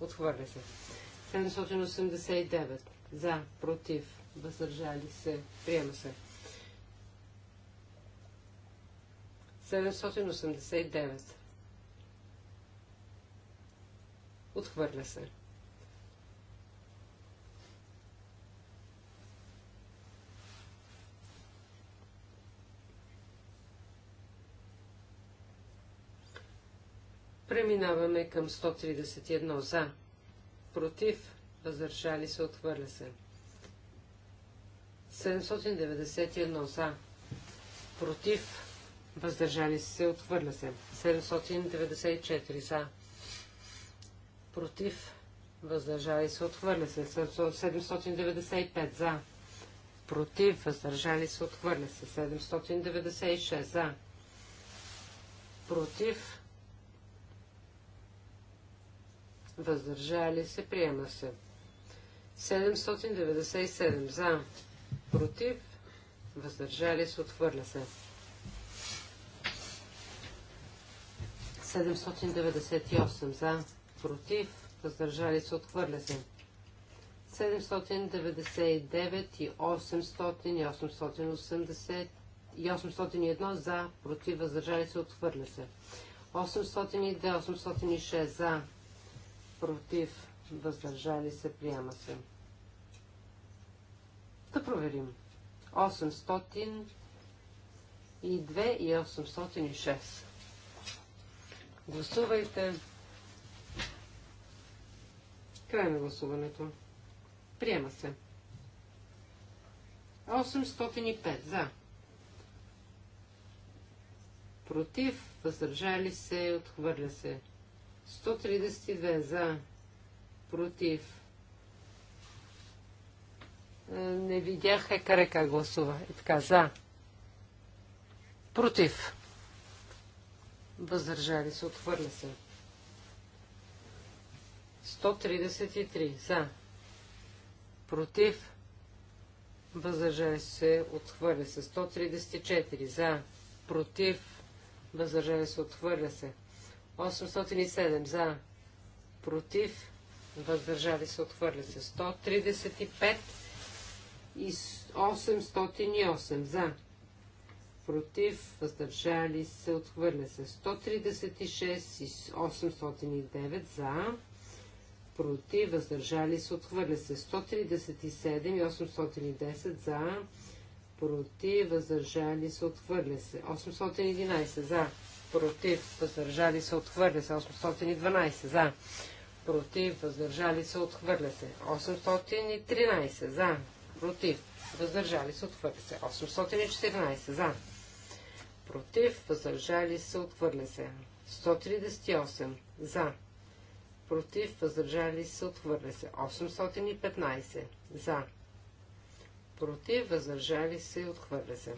отхвърля се. 789 за, против, въздържали се, приема се. 789. Отхвърля се. Преминаваме към 131 за. Против. Въздържали се. Отхвърля се. 791 за. Против въздържали се, отхвърля се. 794 за, против, въздържали се, отхвърля се. 795 за, против, въздържали се, отхвърля се. 796 за, против, въздържали се, приема се. 797 за, против, въздържали се, отхвърля се. 798 за, против, въздържали се, отхвърля се. 799 и 800 и 880 и 801 за, против, въздържали се, отхвърля се. 802, 806 за, против, въздържали се, приема се. Да проверим. 802 и 806. Гласувайте. Край на гласуването. Приема се. 805 за. Против, въздържали се, отхвърля се. 132 за. Против. Е, не видях Хекарека гласува. И така, за. Против. Въздържали се. Отхвърля се. 133. За. Против. Въздържали се. Отхвърля се. 134. За. Против. Въздържали се. Отхвърля се. 807. За. Против. Въздържали се. Отхвърля се. 135 и 808. За против, въздържали се, отхвърля се 136 и 809 за, против, въздържали се, отхвърля се 137 и 810 за, против, въздържали се, отхвърля се 811 за, против, въздържали се, отхвърля се 812 за, против, въздържали се, отхвърля се 813 за, против, въздържали се, отхвърля се 814 за против, въздържали се, отхвърля се. 138 за, против, въздържали се, отхвърля се. 815 за, против, въздържали се, отхвърля се.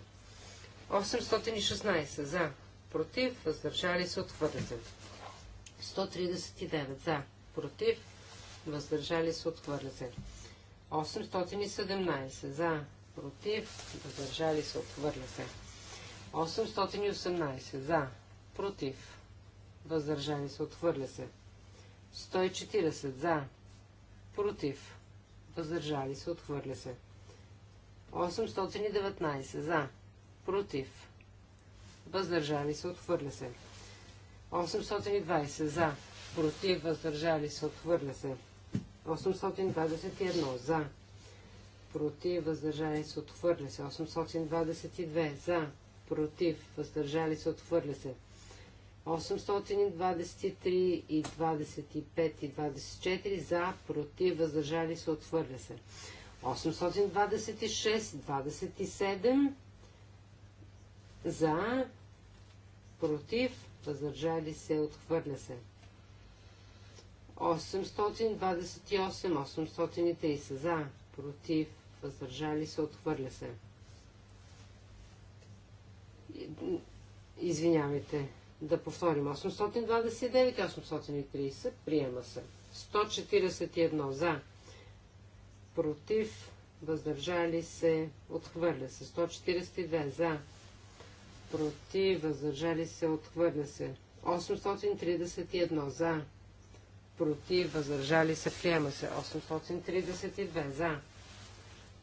816 за, против, въздържали се, отхвърля се. 139 за, против, въздържали се, отхвърля се. 817 за, против, въздържали се, отхвърля се. 818 за, против, въздържани се, отхвърля се. 140 за, против, въздържали се, отхвърля се. 819 за, против, въздържали се, отхвърля се. 820 за, против, въздържали се, отхвърля се. 821 за, против, въздържали се, отхвърля се. 822 за, против, въздържали се, отхвърля се. 823 и 25 и 24 за, против, въздържали се, отхвърля се. 826, 27 за, против, въздържали се, отхвърля се. 828, 830 за, против, въздържали се, отхвърля се. 829, Извинявайте, да повторим 829 830. Приема се. 141 за. Против. Въздържали се. Отхвърля се. 142 за. Против. Въздържали се. Отхвърля се. 831 за. Против. Въздържали се. Приема се. 832 за.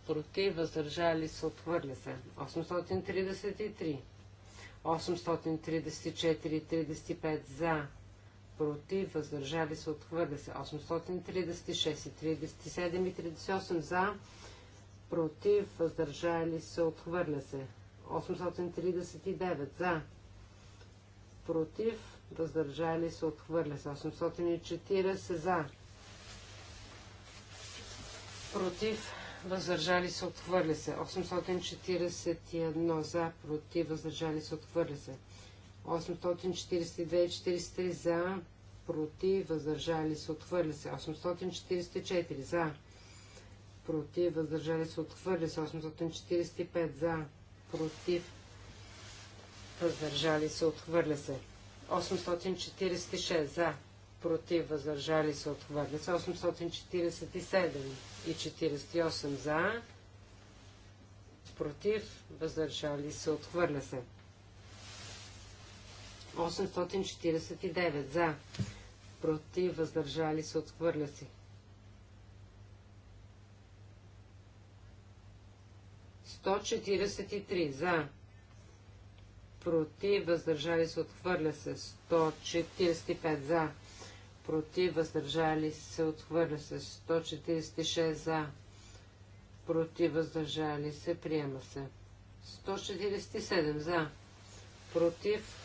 Против. Въздържали се. Отхвърля се. 833 35 за, против, въздържали се, отхвърля се. 836 и 37 и 38 за, против, въздържали се, отхвърля се. 839 за, против, въздържали се, отхвърля се. 840 за, против, въздържали се, отхвърля се. 841 за, против, въздържали се, отхвърля се. 842 и 43 за, против, въздържали се, отхвърля се. 844 за, против, въздържали се, отхвърля се. 845 за, против, въздържали се, отхвърля се. 846 за, против, въздържали се, отхвърля се. 847 и 48 за, против, въздържали се, отхвърля се. 849 за, против, въздържали се, отхвърля се. 143 за, против, въздържали се, отхвърля се. 145 за, против, въздържали се, отхвърля се. 146 за, против, въздържали се, приема се. 147 за, против,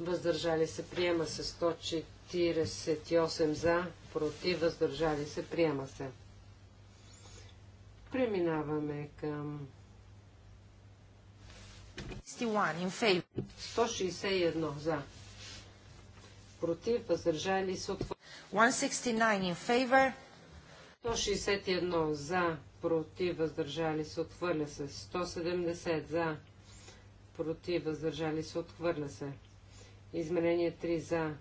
въздържали се, приема се. 148 за, против, въздържали се, приема се. Преминаваме към 161 за против, въздържали се от... 169 in favor. 161 за, против, въздържали се, отхвърля се. 170 за, против, въздържали се, отхвърля се. Изменение 3 за,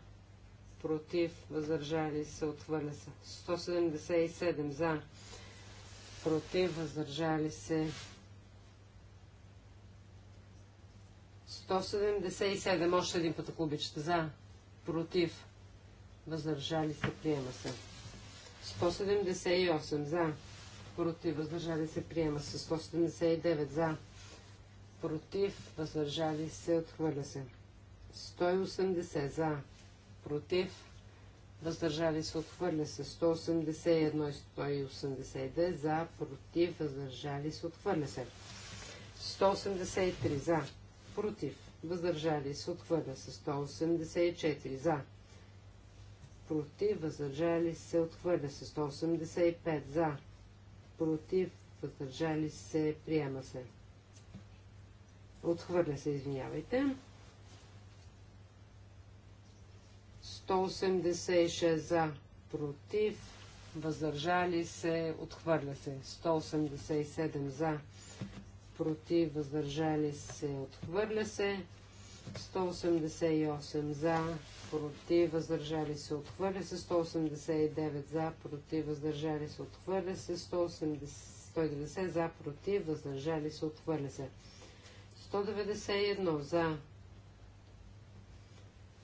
против, въздържали се, отхвърля се. 177 за, против, въздържали се. 177, още един път, ако обичате, за, против, въздържали се, приема се. 178 за, против, въздържали се, приема се. 179 за, против, въздържали се, отхвърля се. 180 за, против, въздържали се, отхвърля се. 181 и 182 за, против, въздържали се, отхвърля се. 183 за, против, въздържали се, отхвърля се 184 за, против, въздържали се, отхвърля се 185 за, против, въздържали се, приема се. Отхвърля се, извинявайте. 186 за, против, въздържали се, отхвърля се. 187 за, против, въздържали се, отхвърля се. 188 за, против, въздържали се, отхвърля се. 189 за, против, въздържали се, отхвърля се. 180, 190 за, против, въздържали се, отхвърля се. 191 за,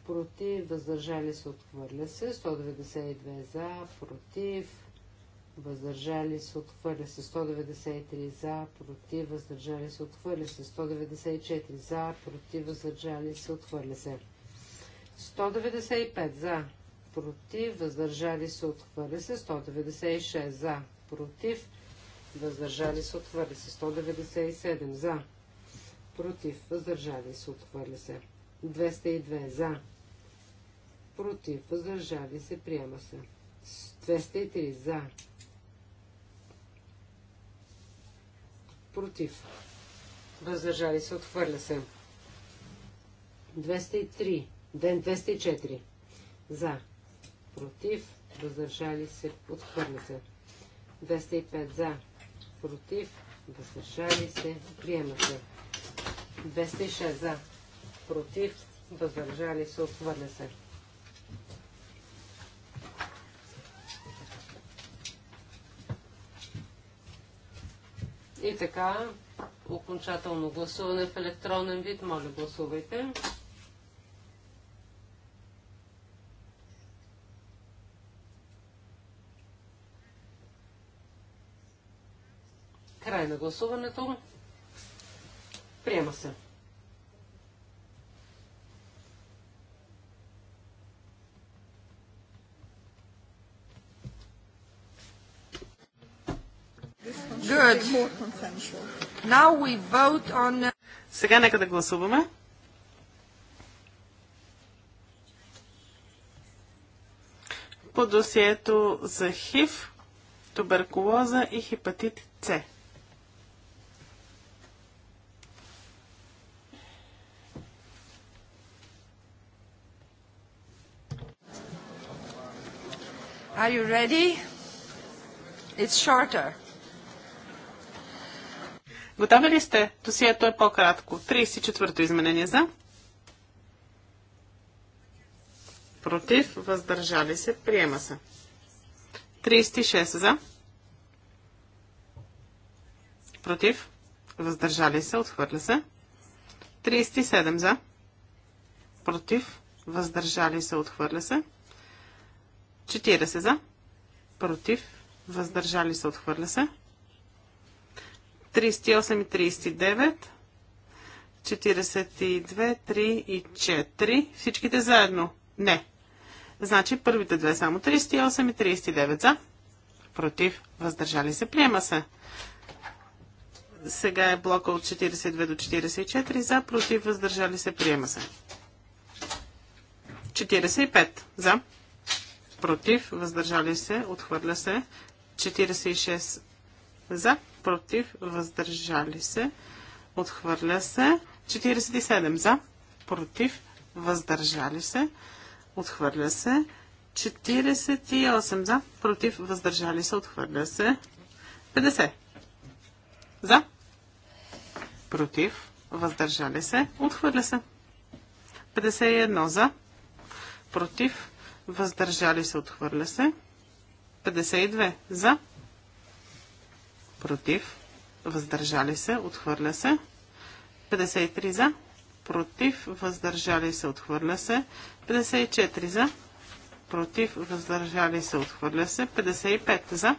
против, въздържали се, отхвърля се. 192 за, против, въздържали се, отхвърля се 193 за, против, въздържали се, отхвърля се 194 за, против, въздържали се, отхвърля се 195 за, против, въздържали се, отхвърля се 196 за, против, въздържали се, отхвърля се 197 за, против, въздържали се, отхвърля се 202 за, против, въздържали се, приема се 203 за, против, въздържали се, отхвърля се. 203, ден 204, за, против, въздържали се, отхвърля се. 205 за, против, въздържали се, приема се. 206 за, против, въздържали се, отхвърля се. И така, окончателно гласуване в електронен вид. Моля, гласувайте. Край на гласуването. Приема се. Good. Now we vote on... Uh, Сега нека да гласуваме. По досието за ХИВ, туберкулоза и хепатит С. Are you ready? It's shorter. Готови ли сте? Досието е по-кратко. 34-то изменение за. Против, въздържали се, приема се. 36 за. Против, въздържали се, отхвърля се. 37 за. Против, въздържали се, отхвърля се. 40 за. Против, въздържали се, отхвърля се. 38 и 39, 42, 3 и 4, всичките заедно. Не. Значи първите две само 38 и 39 за. Против. Въздържали се. Приема се. Сега е блока от 42 до 44 за. Против. Въздържали се. Приема се. 45 за. Против. Въздържали се. Отхвърля се. 46 за против, въздържали се, отхвърля се. 47 за, против, въздържали се, отхвърля се. 48 за, против, въздържали се, отхвърля се. 50 за, против, въздържали се, отхвърля се. 51 за, против, въздържали се, отхвърля се. 52 за, против, въздържали се, отхвърля се. 53 за, против, въздържали се, отхвърля се. 54 за, против, въздържали се, отхвърля се. 55 за,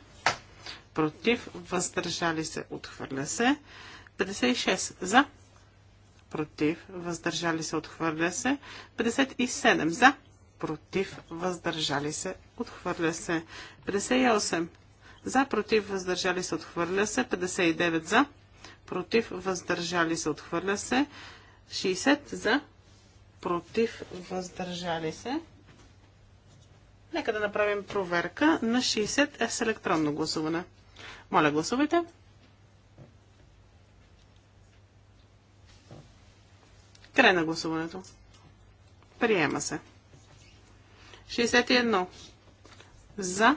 против, въздържали се, отхвърля се. 56 за, против, въздържали се, отхвърля се. 57 за, против, въздържали се, отхвърля се. 58 за, против, въздържали се, отхвърля се, 59 за, против, въздържали се, отхвърля се, 60 за, против, въздържали се. Нека да направим проверка на 60 с електронно гласуване. Моля, гласувайте. Край на гласуването. Приема се. 61. За,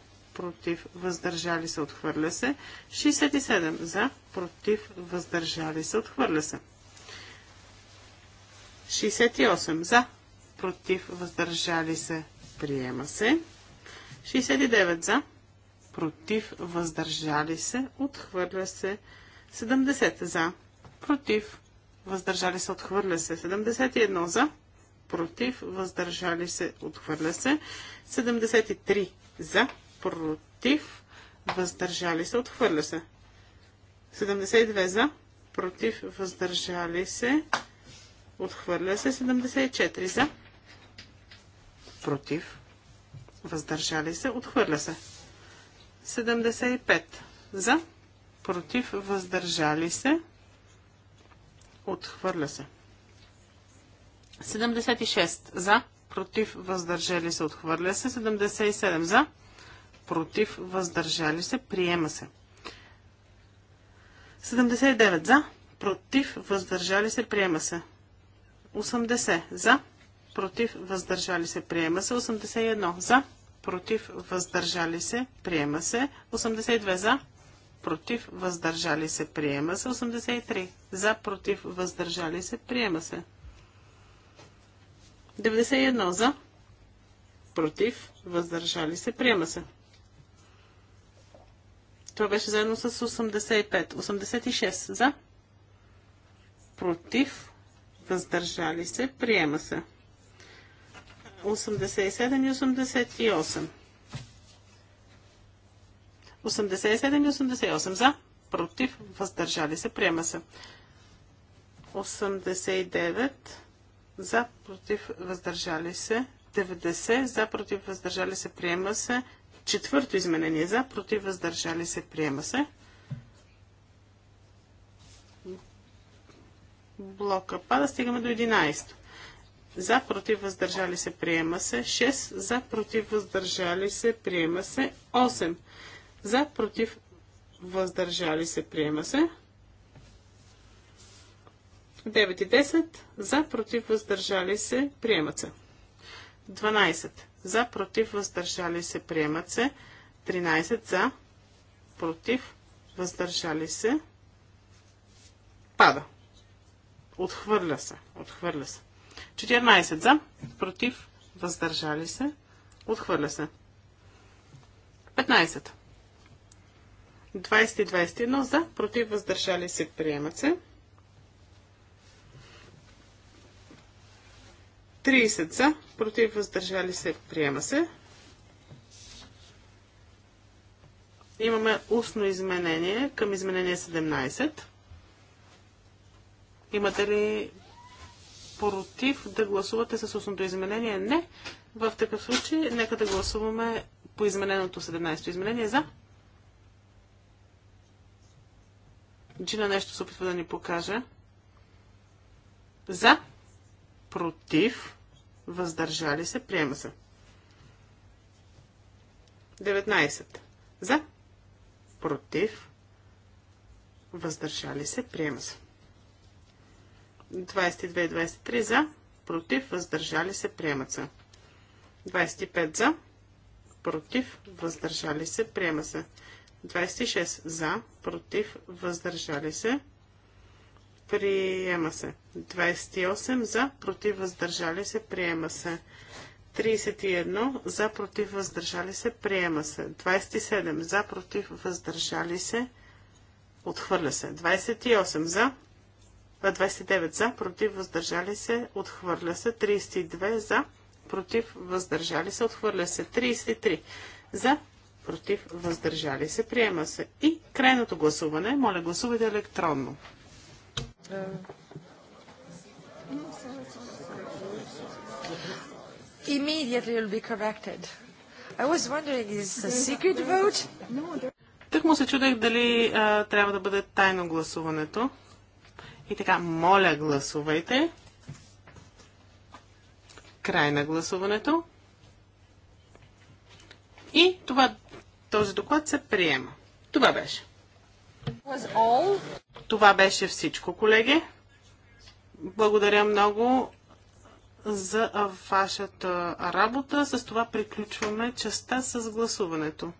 против, въздържали се, отхвърля се. 67 за, против, въздържали се, отхвърля се. 68 за, против, въздържали се, приема се. 69 за, против, въздържали се, отхвърля се. 70 за, против, въздържали се, отхвърля се. 71 за, против, въздържали се, отхвърля се. 73 за, против, въздържали се, отхвърля се. 72 за, против, въздържали се, отхвърля се. 74 за, против, въздържали се, отхвърля се. 75 за, против, въздържали се, отхвърля се. 76 за, против, въздържали се, отхвърля се. 77 за, против, въздържали се, приема се. 79 за, против, въздържали се, приема се. 80 за, против, въздържали се, приема се. 81 за, против, въздържали се, приема се. 82 за, против, въздържали се, приема се. 83 за, против, въздържали се, приема се. 91 за, против, въздържали се, приема се. Това беше заедно с 85. 86 за. Против. Въздържали се. Приема се. 87 и 88. 87 и 88 за. Против. Въздържали се. Приема се. 89 за. Против. Въздържали се. 90 за. Против. Въздържали се. Приема се. Четвърто изменение за, против, въздържали се, приема се. Блока пада, стигаме до 11. За, против, въздържали се, приема се. 6. За, против, въздържали се, приема се. 8. За, против, въздържали се, приема се. 9 и 10. За, против, въздържали се, приема се. 12 за, против, въздържали се, приемат се. 13 за, против, въздържали се, пада. Отхвърля се, отхвърля се. 14 за, против, въздържали се, отхвърля се. 15. 20 и 21 за, против, въздържали се, приемат се. 30 за, против, въздържали се, приема се. Имаме устно изменение към изменение 17. Имате ли против да гласувате с устното изменение? Не. В такъв случай, нека да гласуваме по измененото 17-то изменение за. Джина нещо се опитва да ни покаже. За против, въздържали се, приема се. 19. За, против, въздържали се, приема се. 22 и 23 за, против, въздържали се, приемат се. 25 за, против, въздържали се, приема се. 26 за, против, въздържали се, Приема се. 28 за, против, въздържали се. Приема се. 31 за, против, въздържали се. Приема се. 27 за, против, въздържали се. Отхвърля се. 28 за. 29 за, против, въздържали се. Отхвърля се. 32 за, против, въздържали се. Отхвърля се. 33 за, против, въздържали се. Приема се. И крайното гласуване. Моля, гласувайте електронно. Immediately will be corrected. I was wondering, is a secret vote? Тък му се чудех дали а, трябва да бъде тайно гласуването. И така, моля, гласувайте. Край на гласуването. И това, този доклад се приема. Това беше. Това беше всичко, колеги. Благодаря много за вашата работа. С това приключваме частта с гласуването.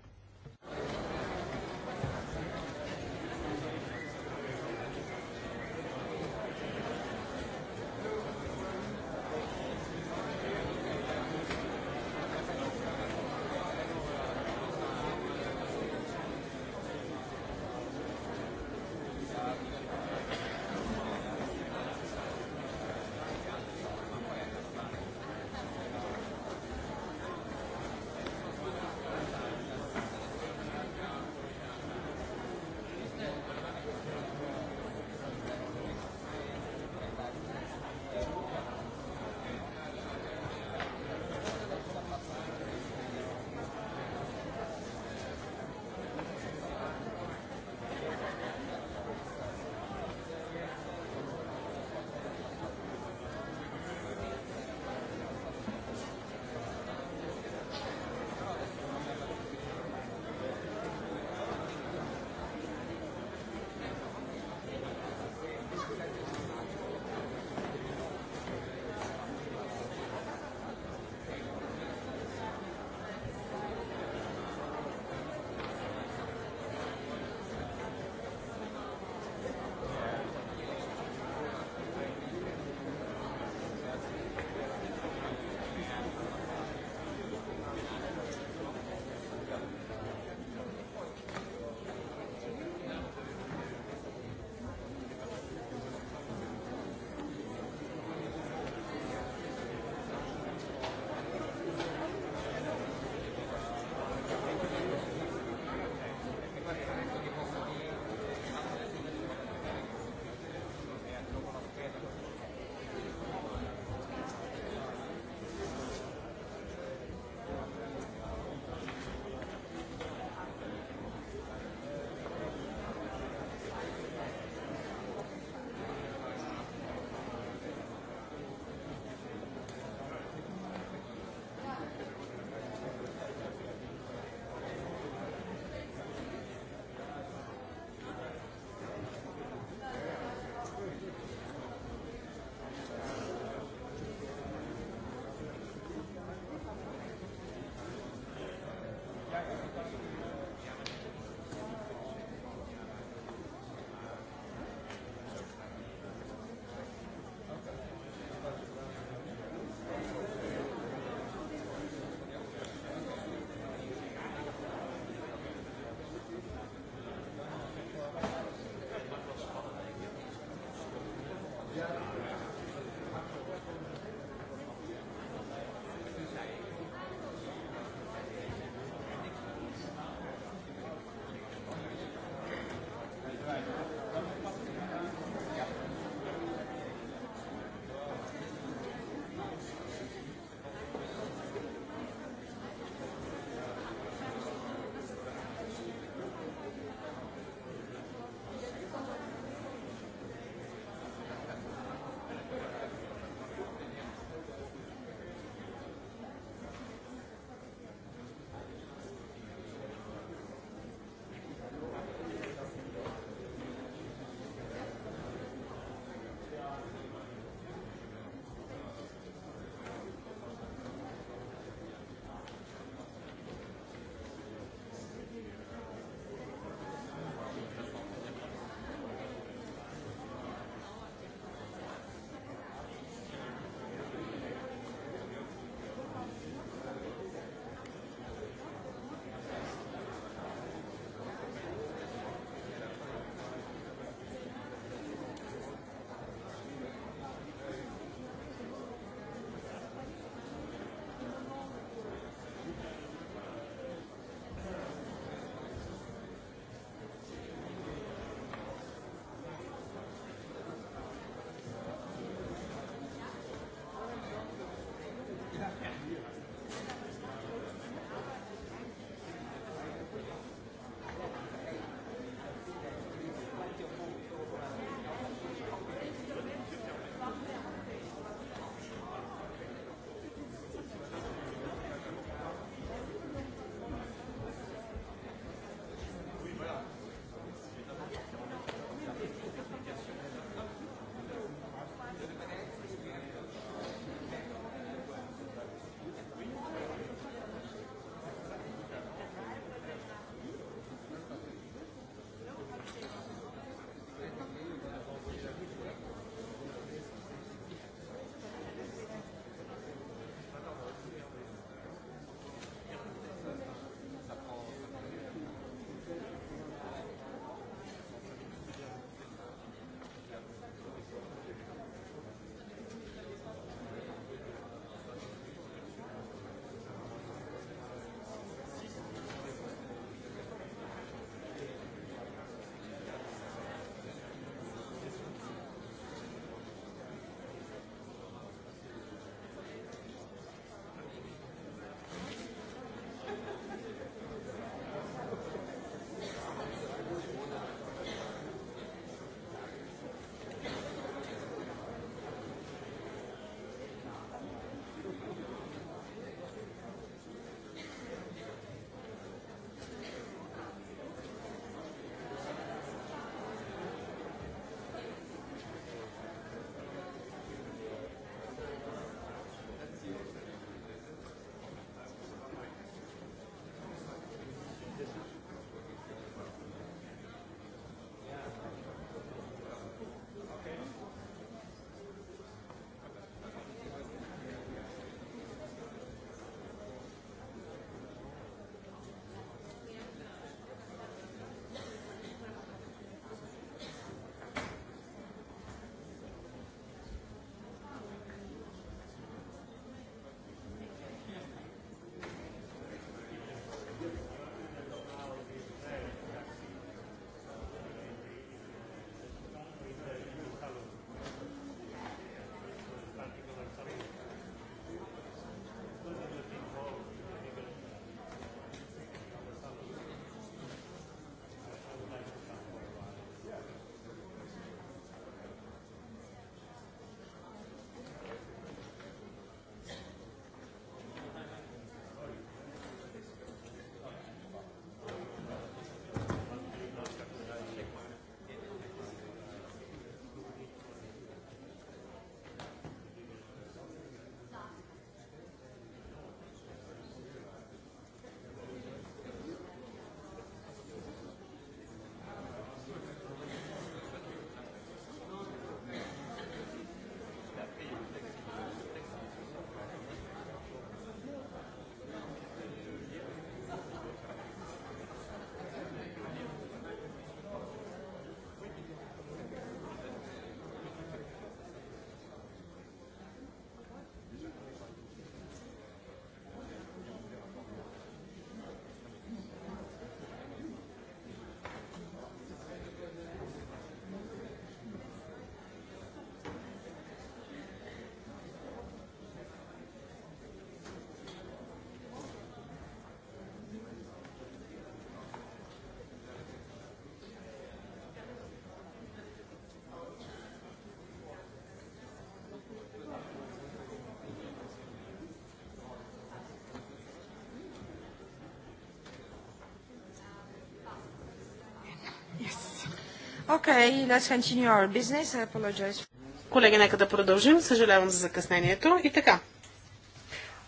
Okay, let's continue our business. I apologize. Колеги, нека да продължим. Съжалявам за закъснението. И така.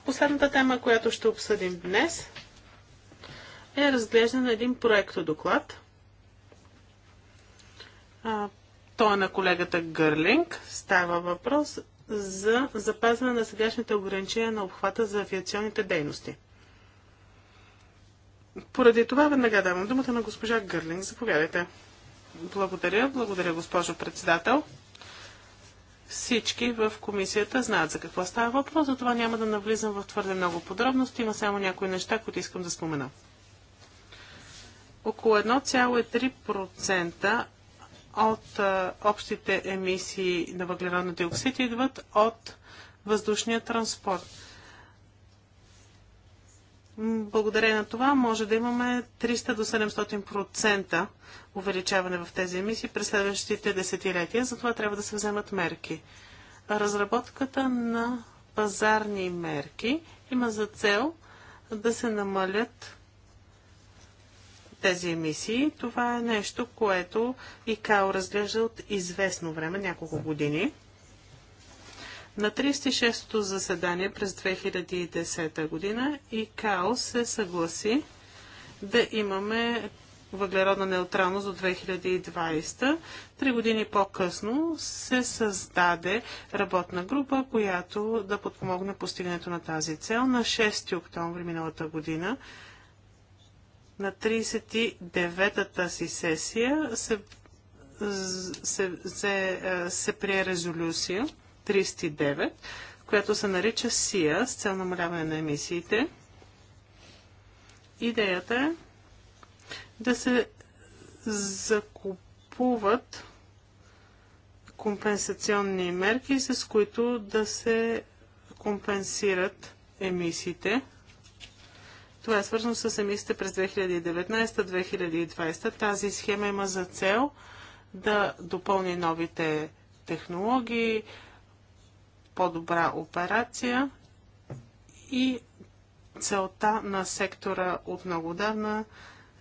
Последната тема, която ще обсъдим днес, е разглеждане на един проектодоклад. доклад. той е на колегата Гърлинг. Става въпрос за запазване на сегашните ограничения на обхвата за авиационните дейности. Поради това веднага давам думата на госпожа Гърлинг. Заповядайте. Благодаря. Благодаря, госпожо председател. Всички в комисията знаят за какво става въпрос, затова няма да навлизам в твърде много подробности. Има само някои неща, които искам да спомена. Около 1,3% от а, общите емисии на въглероден диоксид идват от въздушния транспорт. Благодарение на това може да имаме 300 до 700% увеличаване в тези емисии през следващите десетилетия. Затова трябва да се вземат мерки. Разработката на пазарни мерки има за цел да се намалят тези емисии. Това е нещо, което ИКАО разглежда от известно време, няколко години. На 36-то заседание през 2010 година ИКАО се съгласи да имаме въглеродна неутралност до 2020. Три години по-късно се създаде работна група, която да подпомогне постигането на тази цел. На 6 октомври миналата година на 39-та си сесия се, се, се, се прие резолюция 39, която се нарича СИА с цел намаляване на емисиите. Идеята е да се закупуват компенсационни мерки, с които да се компенсират емисиите. Това е свързано с емисиите през 2019-2020. Тази схема има за цел да допълни новите технологии, по-добра операция и целта на сектора от много давна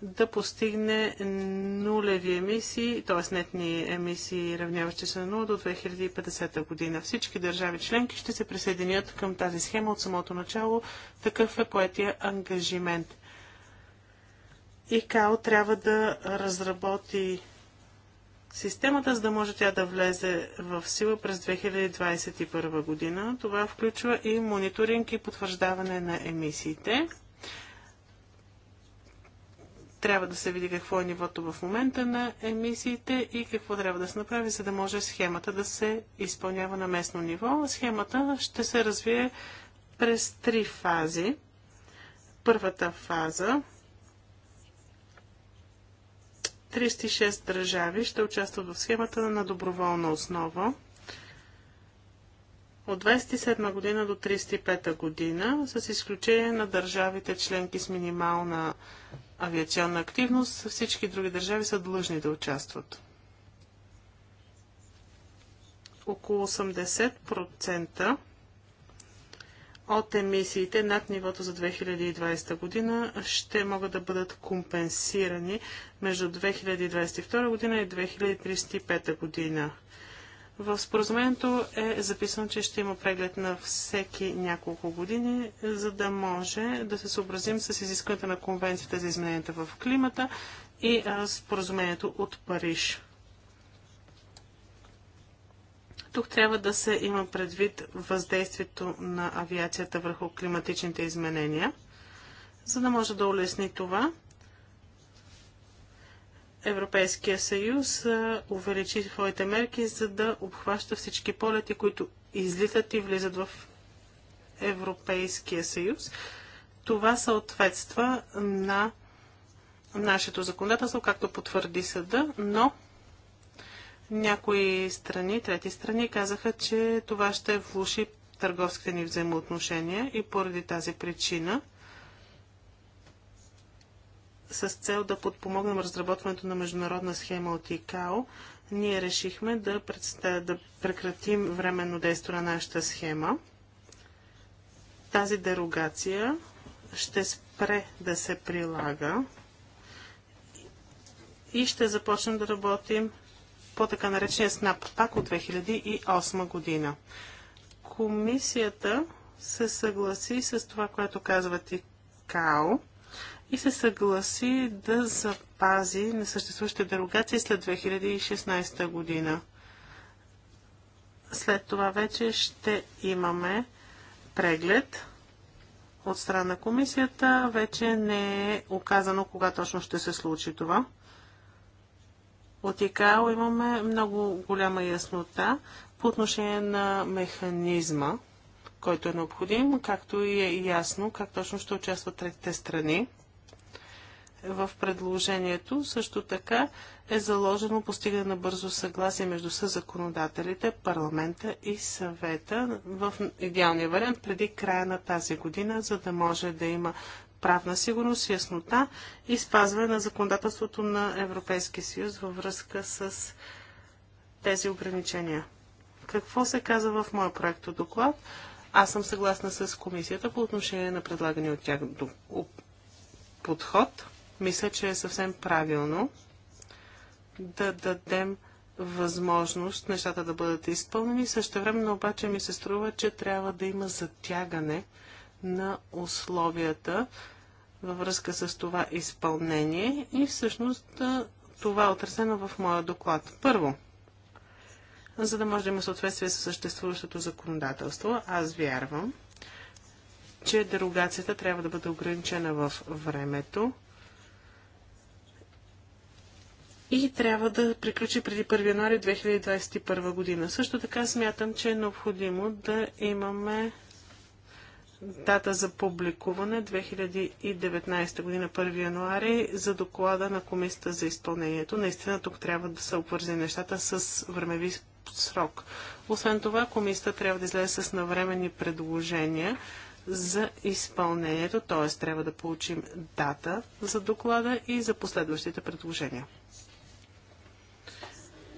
да постигне нулеви емисии, т.е. нетни емисии, равняващи се на 0 до 2050 година. Всички държави членки ще се присъединят към тази схема от самото начало. Такъв е поетия ангажимент. ИКАО трябва да разработи системата, за да може тя да влезе в сила през 2021 година. Това включва и мониторинг и потвърждаване на емисиите. Трябва да се види какво е нивото в момента на емисиите и какво трябва да се направи, за да може схемата да се изпълнява на местно ниво. Схемата ще се развие през три фази. Първата фаза 36 държави ще участват в схемата на доброволна основа. От 27 година до 35 година, с изключение на държавите членки с минимална авиационна активност, всички други държави са длъжни да участват. Около 80% от емисиите над нивото за 2020 година ще могат да бъдат компенсирани между 2022 година и 2035 година. В споразумението е записано, че ще има преглед на всеки няколко години, за да може да се съобразим с изискването на Конвенцията за измененията в климата и споразумението от Париж. Тук трябва да се има предвид въздействието на авиацията върху климатичните изменения. За да може да улесни това, Европейския съюз увеличи своите мерки, за да обхваща всички полети, които излитат и влизат в Европейския съюз. Това съответства на нашето законодателство, както потвърди съда, но някои страни, трети страни казаха, че това ще влуши търговските ни взаимоотношения и поради тази причина с цел да подпомогнем разработването на международна схема от ИКАО, ние решихме да, представ... да прекратим временно действие на нашата схема. Тази дерогация ще спре да се прилага и ще започнем да работим по така наречения СНАП, пак от 2008 година. Комисията се съгласи с това, което казва Ти КАО и се съгласи да запази несъществуващите дерогации след 2016 година. След това вече ще имаме преглед от страна на комисията. Вече не е оказано кога точно ще се случи това. От ИКАО имаме много голяма яснота по отношение на механизма, който е необходим, както и е ясно как точно ще участват третите страни. В предложението също така е заложено постигане на бързо съгласие между съзаконодателите, парламента и съвета в идеалния вариант преди края на тази година, за да може да има правна сигурност, яснота и спазване на законодателството на Европейския съюз във връзка с тези ограничения. Какво се казва в моя проект доклад? Аз съм съгласна с комисията по отношение на предлагания от тях подход. Мисля, че е съвсем правилно да дадем възможност нещата да бъдат изпълнени. Също време обаче ми се струва, че трябва да има затягане на условията във връзка с това изпълнение и всъщност това е отразено в моя доклад. Първо, за да може да има съответствие с съществуващото законодателство, аз вярвам, че дерогацията трябва да бъде ограничена в времето и трябва да приключи преди 1 януари 2021 година. Също така смятам, че е необходимо да имаме дата за публикуване 2019 година 1 януари за доклада на комисията за изпълнението. Наистина тук трябва да се обвързи нещата с времеви срок. Освен това, комисията трябва да излезе с навременни предложения за изпълнението, т.е. трябва да получим дата за доклада и за последващите предложения.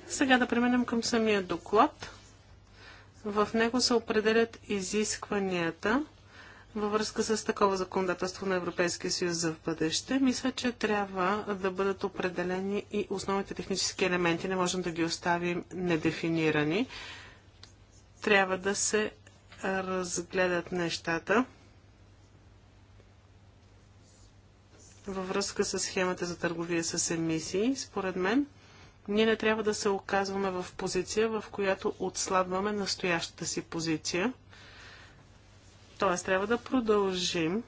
Сега да преминем към самия доклад. В него се определят изискванията във връзка с такова законодателство на Европейския съюз за в бъдеще, мисля, че трябва да бъдат определени и основните технически елементи. Не можем да ги оставим недефинирани. Трябва да се разгледат нещата във връзка с схемата за търговия с емисии. Според мен, ние не трябва да се оказваме в позиция, в която отслабваме настоящата си позиция – Тоест, трябва да продължим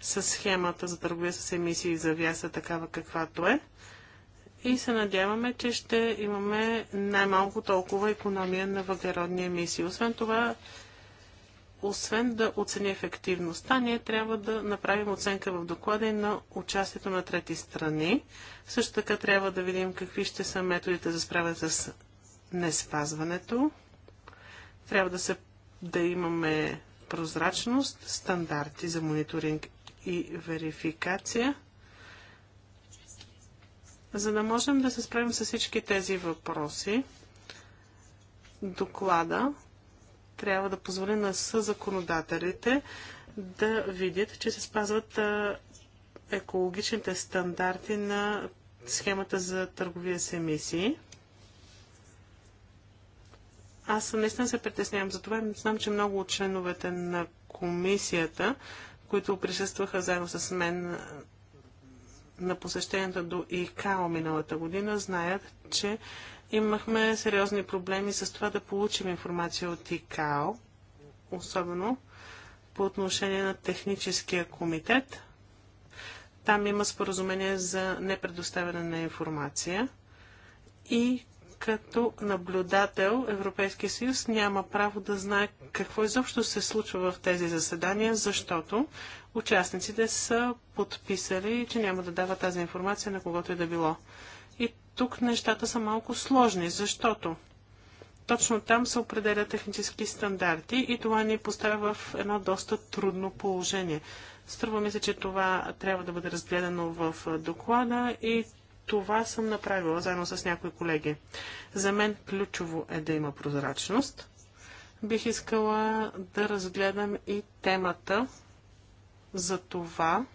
с схемата за търговия с емисии за вяса такава каквато е. И се надяваме, че ще имаме най-малко толкова економия на въглеродни емисии. Освен това, освен да оцени ефективността, ние трябва да направим оценка в доклада и на участието на трети страни. Също така трябва да видим какви ще са методите за справяне с неспазването. Трябва да се да имаме прозрачност, стандарти за мониторинг и верификация, за да можем да се справим с всички тези въпроси. Доклада трябва да позволи на съзаконодателите да видят, че се спазват екологичните стандарти на схемата за търговия с емисии. Аз наистина се притеснявам за това. Знам, че много от членовете на комисията, които присъстваха заедно с мен на посещението до ИКАО миналата година, знаят, че имахме сериозни проблеми с това да получим информация от ИКАО, особено по отношение на техническия комитет. Там има споразумение за непредоставяне на информация и като наблюдател Европейския съюз няма право да знае какво изобщо се случва в тези заседания, защото участниците са подписали, че няма да дава тази информация на когото и е да било. И тук нещата са малко сложни, защото точно там се определят технически стандарти и това ни поставя в едно доста трудно положение. Струва ми се, че това трябва да бъде разгледано в доклада и това съм направила заедно с някои колеги. За мен ключово е да има прозрачност. Бих искала да разгледам и темата за това,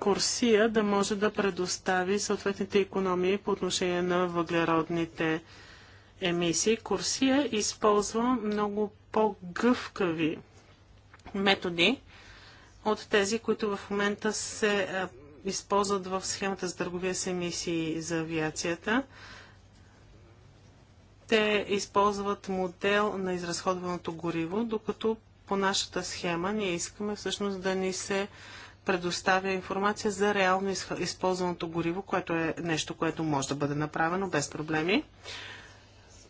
Курсия да може да предостави съответните економии по отношение на въглеродните емисии. Курсия използва много по-гъвкави методи от тези, които в момента се използват в схемата за търговия с емисии за авиацията. Те използват модел на изразходваното гориво, докато по нашата схема ние искаме всъщност да ни се предоставя информация за реално използваното гориво, което е нещо, което може да бъде направено без проблеми.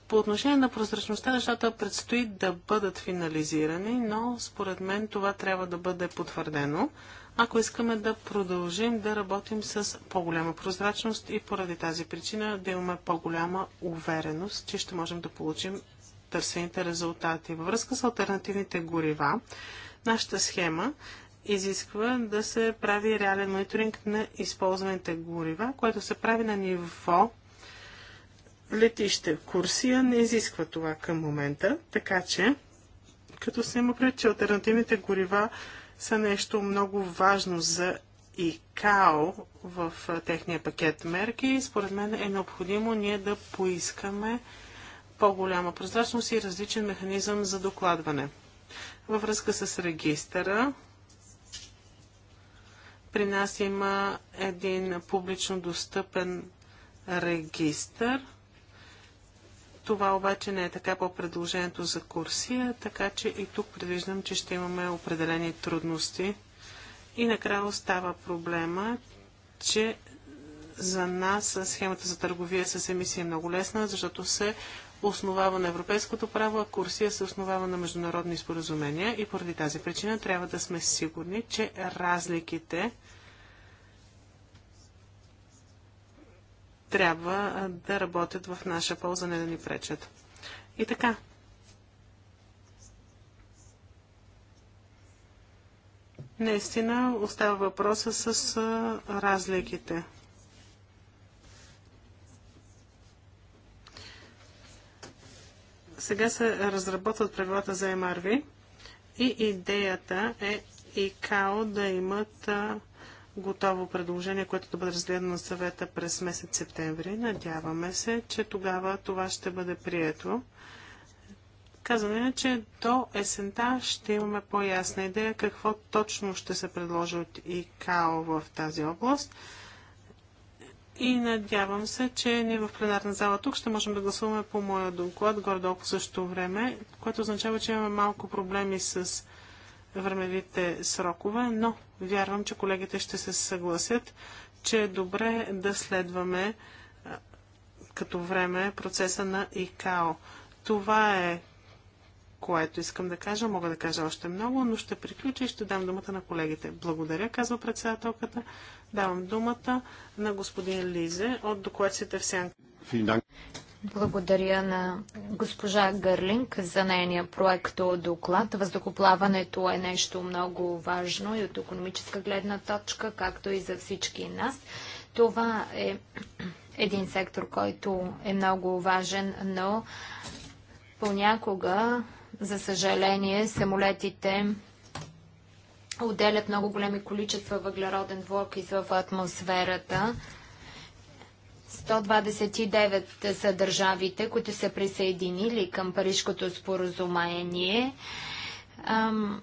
По отношение на прозрачността, нещата предстои да бъдат финализирани, но според мен това трябва да бъде потвърдено, ако искаме да продължим да работим с по-голяма прозрачност и поради тази причина да имаме по-голяма увереност, че ще можем да получим търсените резултати. Във връзка с альтернативните горива, нашата схема изисква да се прави реален мониторинг на използваните горива, което се прави на ниво летище Курсия не изисква това към момента, така че, като се има пред, че альтернативните горива са нещо много важно за ИКАО в техния пакет мерки, според мен е необходимо ние да поискаме по-голяма прозрачност и различен механизъм за докладване. Във връзка с регистъра, при нас има един публично достъпен регистър, това обаче не е така по предложението за курсия, така че и тук предвиждам, че ще имаме определени трудности. И накрая остава проблема, че за нас схемата за търговия с емисии е много лесна, защото се основава на европейското право, а курсия се основава на международни споразумения и поради тази причина трябва да сме сигурни, че разликите трябва да работят в наша полза, не да ни пречат. И така. Наистина остава въпроса с разликите. Сега се разработват правилата за МРВ и идеята е ИКАО да имат а, готово предложение, което да бъде разгледано на съвета през месец септември. Надяваме се, че тогава това ще бъде прието. Казваме, че до есента ще имаме по-ясна идея какво точно ще се предложи от ИКАО в тази област. И надявам се, че ние в пленарна зала тук ще можем да гласуваме по моя доклад горе-долу по същото време, което означава, че имаме малко проблеми с времевите срокове, но вярвам, че колегите ще се съгласят, че е добре да следваме като време процеса на ИКАО. Това е което искам да кажа. Мога да кажа още много, но ще приключа и ще дам думата на колегите. Благодаря, казва председателката. Давам думата на господин Лизе от докладците в Сянка. Благодаря на госпожа Гърлинг за нейния проект доклад. Въздухоплаването е нещо много важно и от економическа гледна точка, както и за всички нас. Това е един сектор, който е много важен, но понякога, за съжаление, самолетите отделят много големи количества въглероден двуокис в атмосферата. 129 са държавите, които са присъединили към Парижкото споразумение. Ам,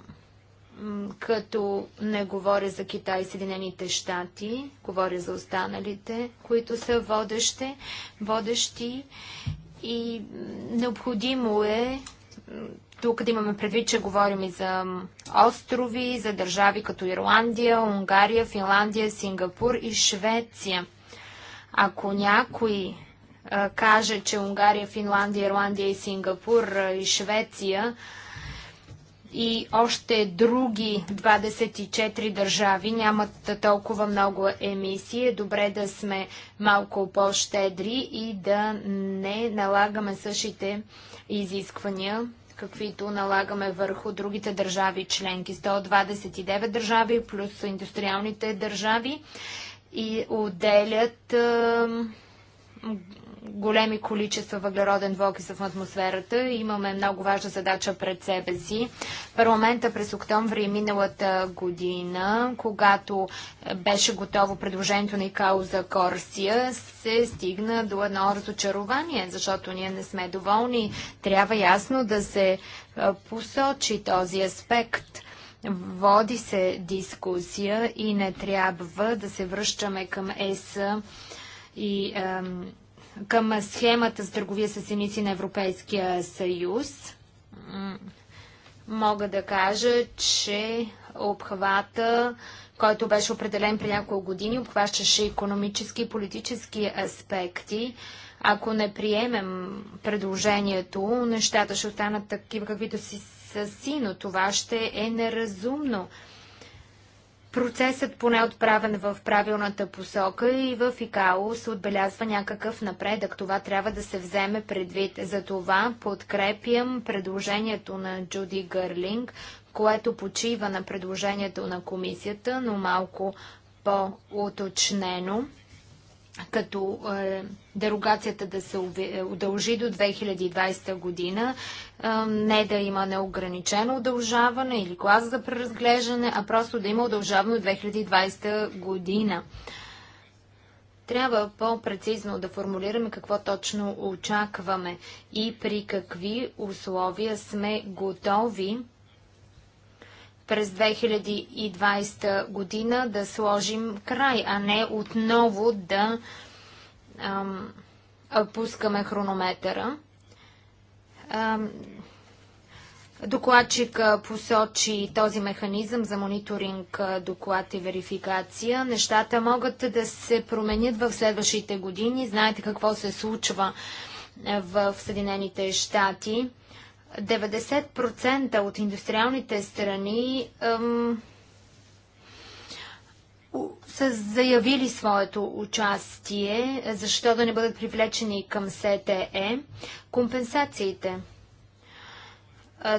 като не говоря за Китай и Съединените щати, говоря за останалите, които са водещи, водещи и необходимо е тук да имаме предвид, че говорим и за острови, за държави като Ирландия, Унгария, Финландия, Сингапур и Швеция. Ако някой а, каже, че Унгария, Финландия, Ирландия и Сингапур а, и Швеция и още други 24 държави нямат толкова много емисии, е добре да сме малко по-щедри и да не налагаме същите изисквания каквито налагаме върху другите държави членки. 129 държави плюс индустриалните държави и отделят големи количества въглероден двуокисъл в атмосферата. Имаме много важна задача пред себе си. Парламента през октомври миналата година, когато беше готово предложението на ИКАО за Корсия, се стигна до едно разочарование, защото ние не сме доволни. Трябва ясно да се посочи този аспект – Води се дискусия и не трябва да се връщаме към ЕС и към схемата с търговия с еници на Европейския съюз. Мога да кажа, че обхвата, който беше определен при няколко години, обхващаше економически и политически аспекти. Ако не приемем предложението, нещата ще останат такива, каквито си си, но това ще е неразумно. Процесът поне отправен в правилната посока и в ИКАО се отбелязва някакъв напредък. Това трябва да се вземе предвид. За това подкрепям предложението на Джуди Гърлинг, което почива на предложението на комисията, но малко по-уточнено като е, дерогацията да се е, удължи до 2020 година, е, не да има неограничено удължаване или клас за преразглеждане, а просто да има удължаване до 2020 година. Трябва по-прецизно да формулираме какво точно очакваме и при какви условия сме готови през 2020 година да сложим край, а не отново да ам, пускаме хронометъра. Ам, Докладчик посочи този механизъм за мониторинг, доклад и верификация. Нещата могат да се променят в следващите години. Знаете какво се случва в Съединените щати. 90% от индустриалните страни ем, са заявили своето участие, защо да не бъдат привлечени към СТЕ. Компенсациите.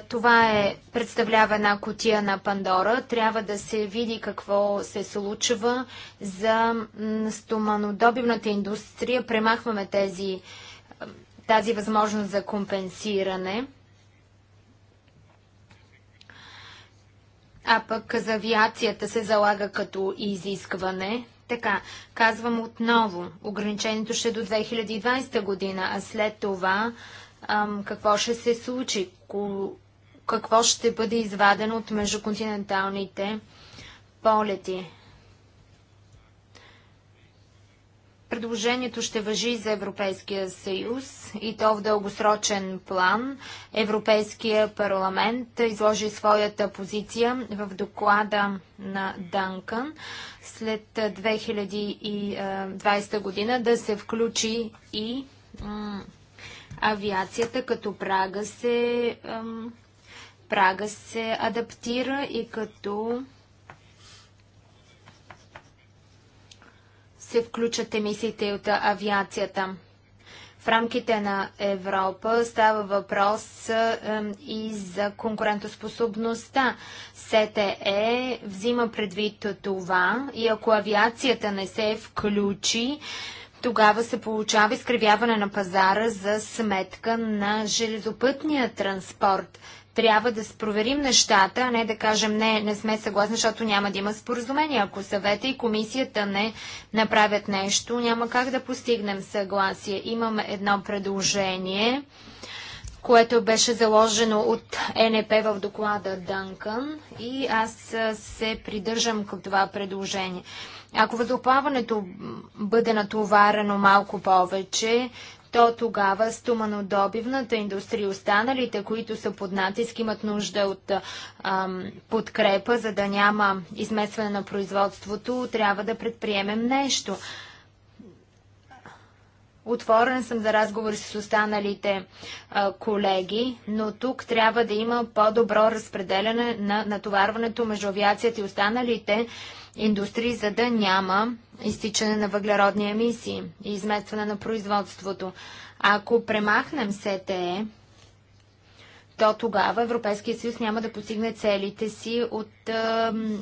Това е, представлява една котия на Пандора. Трябва да се види какво се случва за стоманодобивната индустрия. Премахваме тези, тази възможност за компенсиране. а пък за авиацията се залага като изискване. Така, казвам отново, ограничението ще е до 2020 година, а след това ам, какво ще се случи, какво ще бъде извадено от междуконтиненталните полети. Предложението ще въжи за Европейския съюз и то в дългосрочен план. Европейския парламент изложи своята позиция в доклада на Дънкън след 2020 година да се включи и авиацията, като прага се, прага се адаптира и като се включат емисиите от авиацията. В рамките на Европа става въпрос и за конкурентоспособността. СТЕ взима предвид това и ако авиацията не се включи, тогава се получава изкривяване на пазара за сметка на железопътния транспорт трябва да проверим нещата, а не да кажем не, не сме съгласни, защото няма да има споразумение. Ако съвета и комисията не направят нещо, няма как да постигнем съгласие. Имаме едно предложение, което беше заложено от НП в доклада Дънкън и аз се придържам към това предложение. Ако въздухоплаването бъде натоварено малко повече, то тогава стоманодобивната индустрия, останалите, които са под натиск, имат нужда от ам, подкрепа, за да няма изместване на производството, трябва да предприемем нещо. Отворен съм за разговори с останалите а, колеги, но тук трябва да има по-добро разпределяне на натоварването между авиацията и останалите а, индустрии, за да няма изтичане на въглеродни емисии и изместване на производството. Ако премахнем СТЕ, то тогава Европейския съюз няма да постигне целите си от е,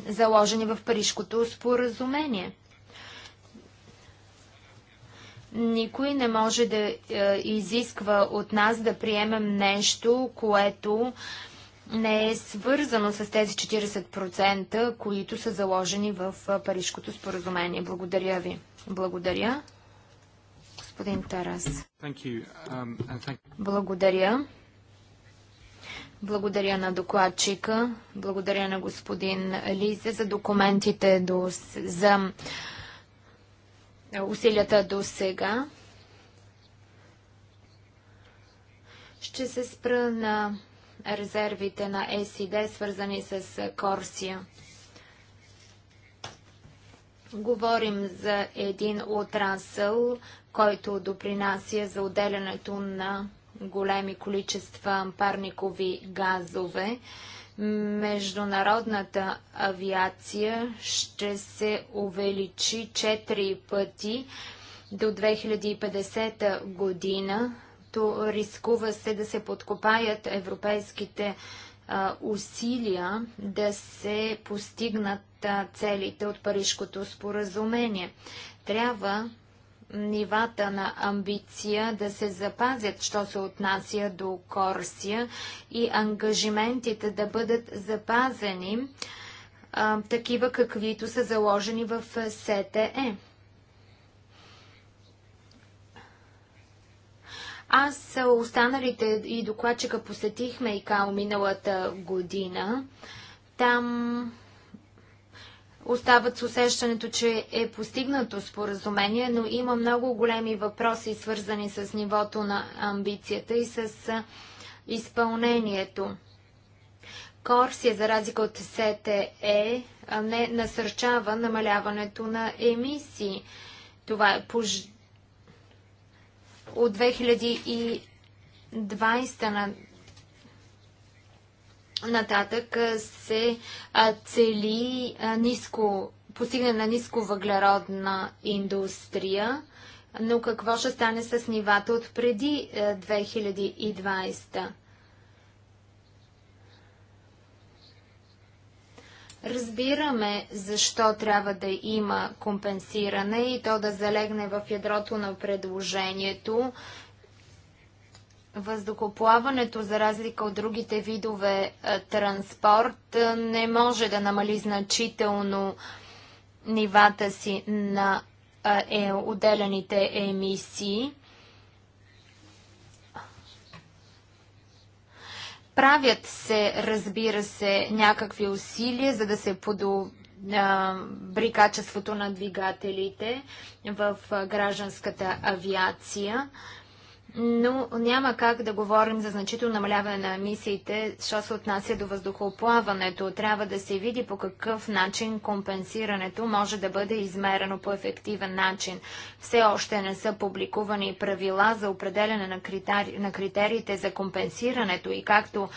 заложени в Парижкото споразумение. Никой не може да е, изисква от нас да приемем нещо, което е, не е свързано с тези 40%, които са заложени в Парижкото споразумение. Благодаря ви. Благодаря. Господин Тарас. Um, thank... Благодаря. Благодаря на докладчика, благодаря на господин Лизе за документите до, за усилията до сега. Ще се спра на резервите на ЕСИД, свързани с Корсия. Говорим за един отрасъл, който допринася за отделянето на големи количества парникови газове. Международната авиация ще се увеличи 4 пъти до 2050 година като рискува се да се подкопаят европейските усилия да се постигнат целите от Парижкото споразумение. Трябва нивата на амбиция да се запазят, що се отнася до Корсия и ангажиментите да бъдат запазени такива, каквито са заложени в СТЕ. Аз, останалите и докладчика посетихме и као миналата година. Там остават с усещането, че е постигнато споразумение, но има много големи въпроси, свързани с нивото на амбицията и с изпълнението. Корсия, е, за разлика от СТЕ, не насърчава намаляването на емисии. Това е пож от 2020 на нататък се цели ниско, постигне на ниско въглеродна индустрия, но какво ще стане с нивата от преди 2020? Разбираме защо трябва да има компенсиране и то да залегне в ядрото на предложението. Въздухоплаването, за разлика от другите видове е, транспорт, е, не може да намали значително нивата си на е, отделените емисии. Правят се, разбира се, някакви усилия, за да се подобри качеството на двигателите в гражданската авиация но няма как да говорим за значително намаляване на емисиите, що се отнася до въздухоплаването. Трябва да се види по какъв начин компенсирането може да бъде измерено по ефективен начин. Все още не са публикувани правила за определене на, критери... на критериите за компенсирането и както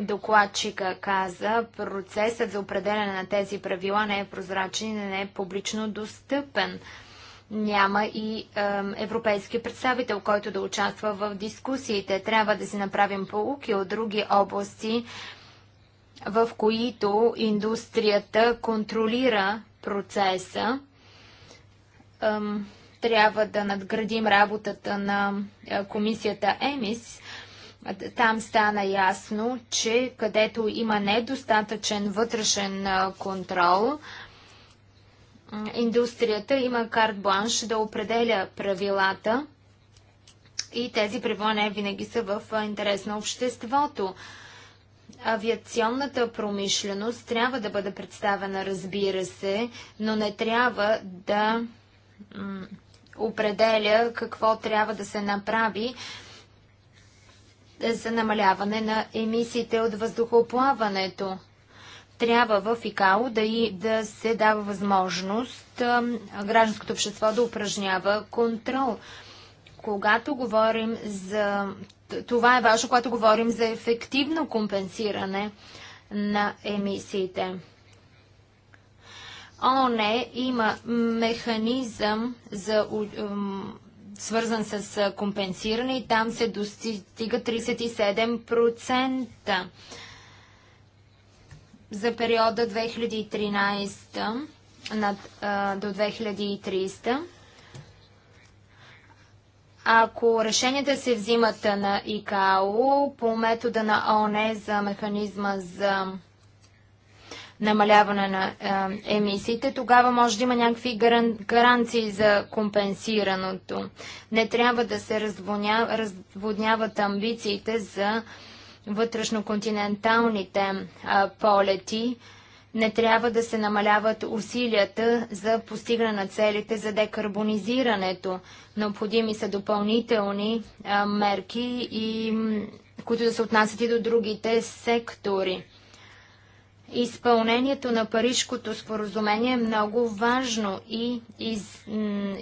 докладчика каза, процесът за определене на тези правила не е прозрачен и не е публично достъпен няма и европейски представител, който да участва в дискусиите. Трябва да си направим полуки от други области, в които индустрията контролира процеса. Трябва да надградим работата на е, комисията ЕМИС. Там стана ясно, че където има недостатъчен вътрешен е, контрол, индустрията има карт бланш да определя правилата и тези правила не винаги са в интерес на обществото. Авиационната промишленост трябва да бъде представена, разбира се, но не трябва да определя какво трябва да се направи за намаляване на емисиите от въздухоплаването трябва в ИКАО да, и, да се дава възможност гражданското общество да упражнява контрол. Когато говорим за... Това е важно, когато говорим за ефективно компенсиране на емисиите. ООН има механизъм за свързан с компенсиране и там се достига 37% за периода 2013 до 2030. Ако решенията се взимат на ИКАО по метода на ООН за механизма за намаляване на емисиите, тогава може да има някакви гаранции за компенсираното. Не трябва да се разводняват амбициите за вътрешноконтиненталните полети, не трябва да се намаляват усилията за постигане на целите за декарбонизирането. Необходими са допълнителни мерки, които да се отнасят и до другите сектори. Изпълнението на Парижкото споразумение е много важно и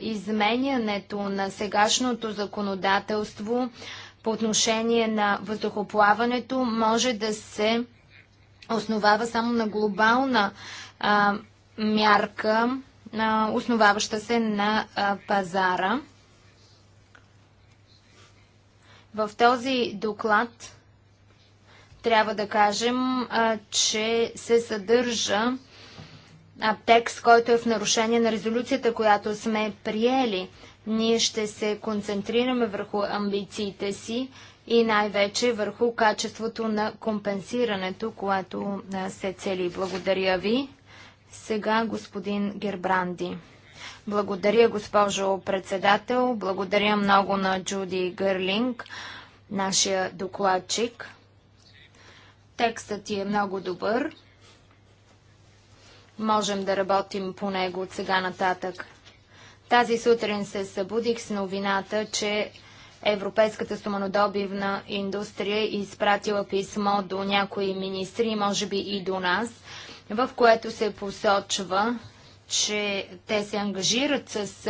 изменянето на сегашното законодателство – по отношение на въздухоплаването може да се основава само на глобална а, мярка, а, основаваща се на а, пазара. В този доклад трябва да кажем, а, че се съдържа а, текст, който е в нарушение на резолюцията, която сме приели. Ние ще се концентрираме върху амбициите си и най-вече върху качеството на компенсирането, което се цели. Благодаря ви. Сега господин Гербранди. Благодаря, госпожо председател. Благодаря много на Джуди Гърлинг, нашия докладчик. Текстът ти е много добър. Можем да работим по него от сега нататък. Тази сутрин се събудих с новината, че Европейската стоманодобивна индустрия е изпратила писмо до някои министри, може би и до нас, в което се посочва, че те се ангажират с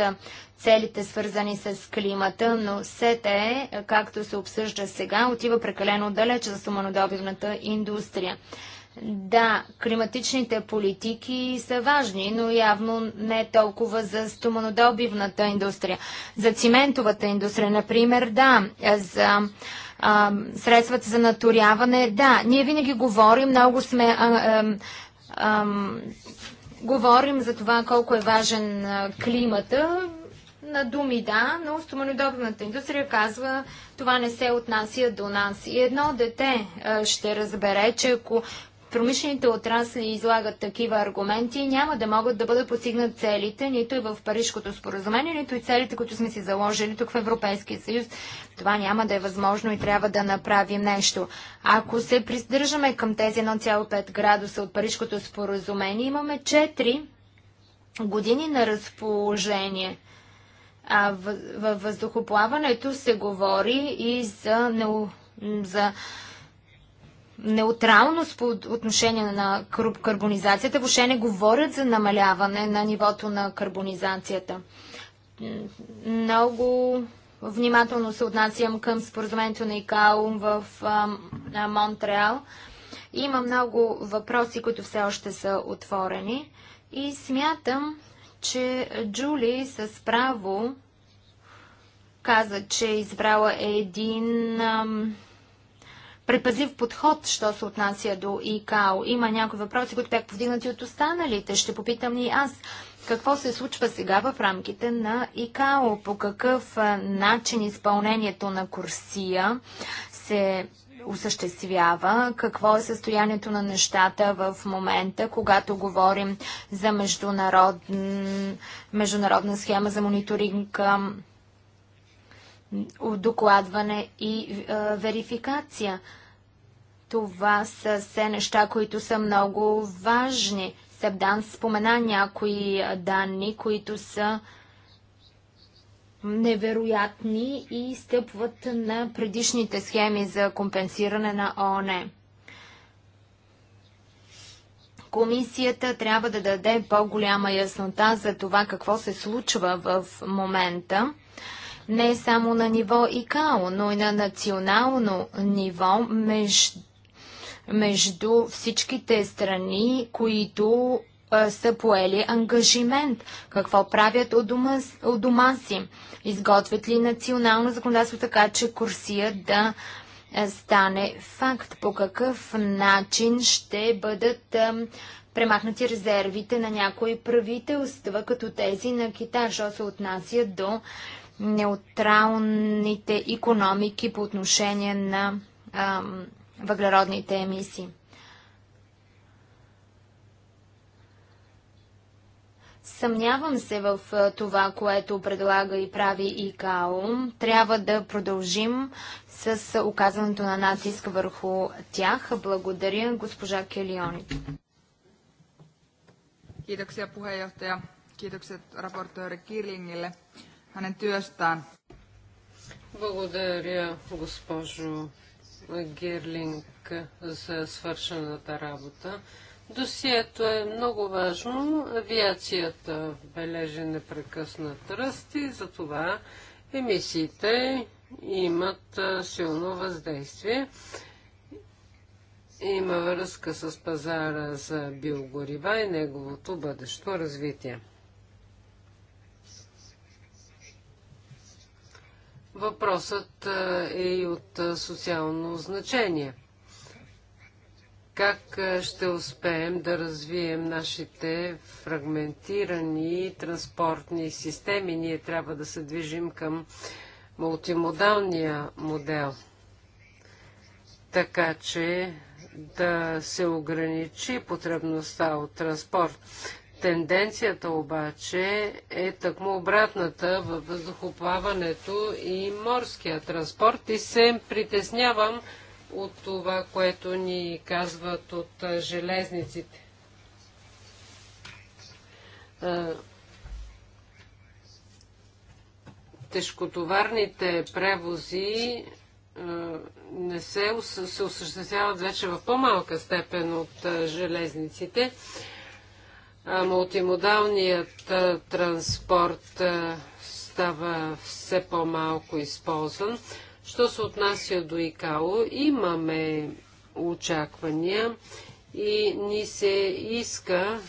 целите свързани с климата, но СЕТЕ, както се обсъжда сега, отива прекалено далеч за стоманодобивната индустрия. Да, климатичните политики са важни, но явно не толкова за стоманодобивната индустрия. За циментовата индустрия, например, да. За а, средствата за наторяване, да. Ние винаги говорим, много сме. А, а, а, говорим за това колко е важен климата. На думи да, но стоманодобивната индустрия казва, това не се отнася до нас. И едно дете ще разбере, че ако промишлените отрасли излагат такива аргументи, няма да могат да бъдат постигнат целите, нито и в Парижкото споразумение, нито и целите, които сме си заложили тук в Европейския съюз. Това няма да е възможно и трябва да направим нещо. Ако се придържаме към тези 1,5 градуса от Парижкото споразумение, имаме 4 години на разположение. А във въздухоплаването се говори и за, за неутралност по отношение на карбонизацията. Въобще не говорят за намаляване на нивото на карбонизацията. Много внимателно се отнасям към споразумението на ИКАО в а, Монтреал. Има много въпроси, които все още са отворени и смятам, че Джули с право каза, че е избрала един предпазив подход, що се отнася до ИКАО. Има някои въпроси, които бях повдигнати от останалите. Ще попитам и аз. Какво се случва сега в рамките на ИКАО? По какъв начин изпълнението на Курсия се осъществява, какво е състоянието на нещата в момента, когато говорим за международна схема за мониторинг към докладване и а, верификация. Това са все неща, които са много важни. Себдан спомена някои данни, които са невероятни и стъпват на предишните схеми за компенсиране на ООН. Комисията трябва да даде по-голяма яснота за това какво се случва в момента не само на ниво ИКАО, но и на национално ниво между, между всичките страни, които са поели ангажимент. Какво правят от дома, от дома си? Изготвят ли национално законодателство така, че курсия да стане факт? По какъв начин ще бъдат премахнати резервите на някои правителства, като тези на Китай, защото се отнася до неутралните економики по отношение на а, въглеродните емисии. Съмнявам се в това, което предлага и прави ИКАО. Трябва да продължим с оказването на натиск върху тях. Благодаря, госпожа Келиони. Благодаря, puheenjohtaja. Kiitokset raportööri Kirlingille hänen työstään. Благодаря, госпожо Герлинг, за свършената работа. Досието е много важно. Авиацията бележи непрекъснат ръст и затова емисиите имат силно въздействие. Има връзка с пазара за биогорива и неговото бъдещо развитие. Въпросът е, е и от е, социално значение. Как е, ще успеем да развием нашите фрагментирани транспортни системи? Ние трябва да се движим към мултимодалния модел, така че да се ограничи потребността от транспорт. Тенденцията обаче е тъкмо обратната във въздухоплаването и морския транспорт и се притеснявам от това, което ни казват от железниците. Тежкотоварните превози не се, се осъществяват вече в по-малка степен от железниците. Мултимодалният транспорт става все по-малко използван. Що се отнася до ИКАО, имаме очаквания и ни се иска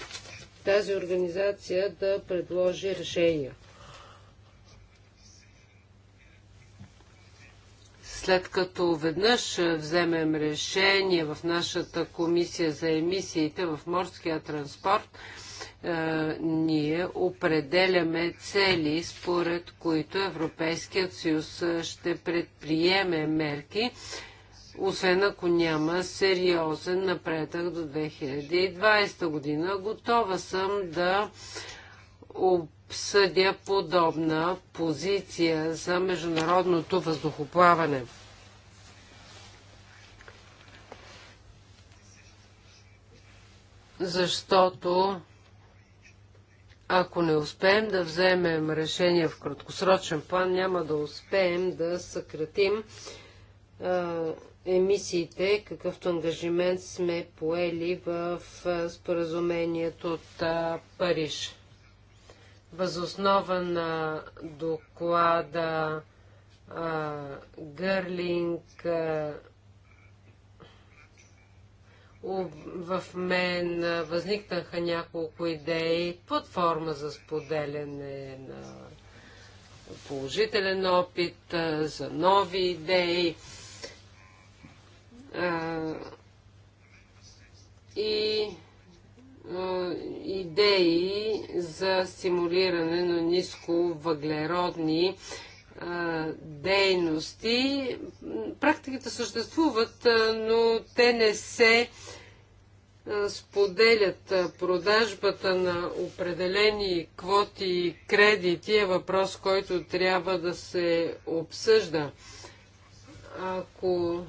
тази организация да предложи решения. След като веднъж вземем решение в нашата комисия за емисиите в морския транспорт, е, ние определяме цели, според които Европейският съюз е, ще предприеме мерки, освен ако няма сериозен напредък до 2020 година. Готова съм да обсъдя подобна позиция за международното въздухоплаване. Защото ако не успеем да вземем решение в краткосрочен план, няма да успеем да съкратим а, емисиите, какъвто ангажимент сме поели в а, споразумението от а, Париж. Възоснова на доклада Гърлинг в мен възникнаха няколко идеи. Платформа за споделяне на положителен опит, за нови идеи. И идеи за стимулиране на ниско въглеродни дейности. Практиките съществуват, но те не се споделят. Продажбата на определени квоти и кредити е въпрос, който трябва да се обсъжда. Ако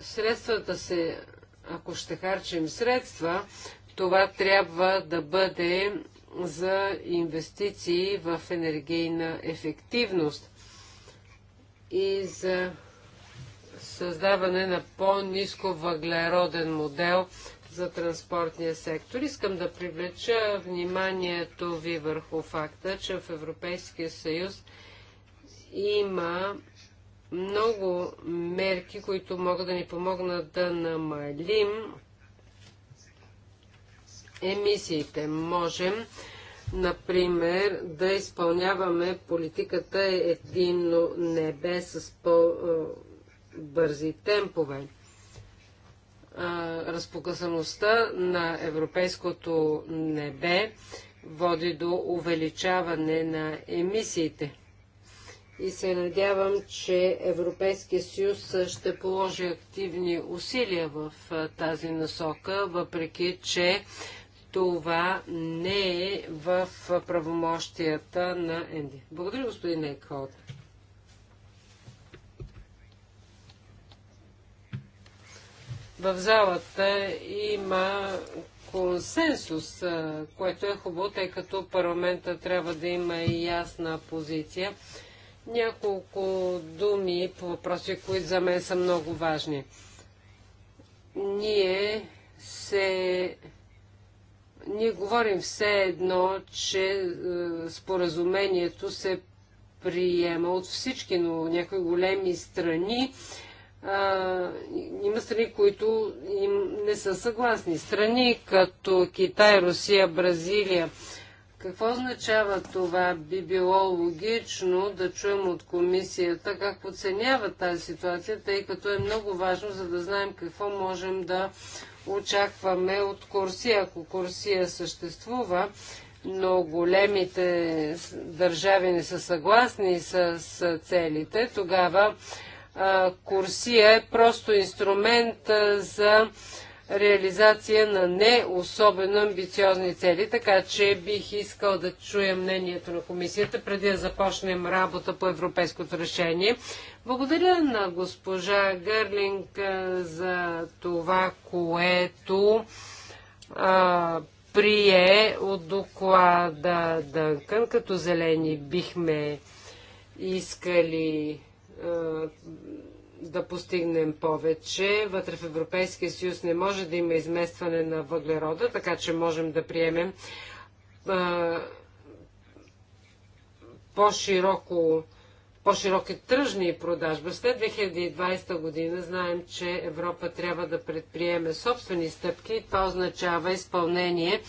средствата се, ако ще харчим средства, това трябва да бъде за инвестиции в енергийна ефективност и за създаване на по-низко въглероден модел за транспортния сектор. Искам да привлеча вниманието ви върху факта, че в Европейския съюз има много мерки, които могат да ни помогнат да намалим емисиите. Можем, например, да изпълняваме политиката единно небе с по-бързи темпове. Разпокъсаността на европейското небе води до увеличаване на емисиите. И се надявам, че Европейския съюз ще положи активни усилия в тази насока, въпреки че това не е в правомощията на Енди. Благодаря, господин Ейкхолд. В залата има консенсус, което е хубаво, тъй като парламента трябва да има и ясна позиция. Няколко думи по въпроси, които за мен са много важни. Ние се ние говорим все едно, че е, споразумението се приема от всички, но някои големи страни е, има страни, които им не са съгласни. Страни като Китай, Русия, Бразилия. Какво означава това? Би било логично да чуем от комисията как оценява тази ситуация, тъй като е много важно, за да знаем какво можем да очакваме от Курсия, ако Курсия съществува, но големите държави не са съгласни с целите, тогава а, Курсия е просто инструмент а, за реализация на не особено амбициозни цели, така че бих искал да чуя мнението на комисията преди да започнем работа по европейското решение. Благодаря на госпожа Гърлинг за това, което а, прие от доклада Дънкън. Като зелени бихме искали да постигнем повече. Вътре в Европейския съюз не може да има изместване на въглерода, така че можем да приемем по-широко по-широки тръжни продажби. След 2020 година знаем, че Европа трябва да предприеме собствени стъпки. Това означава изпълнение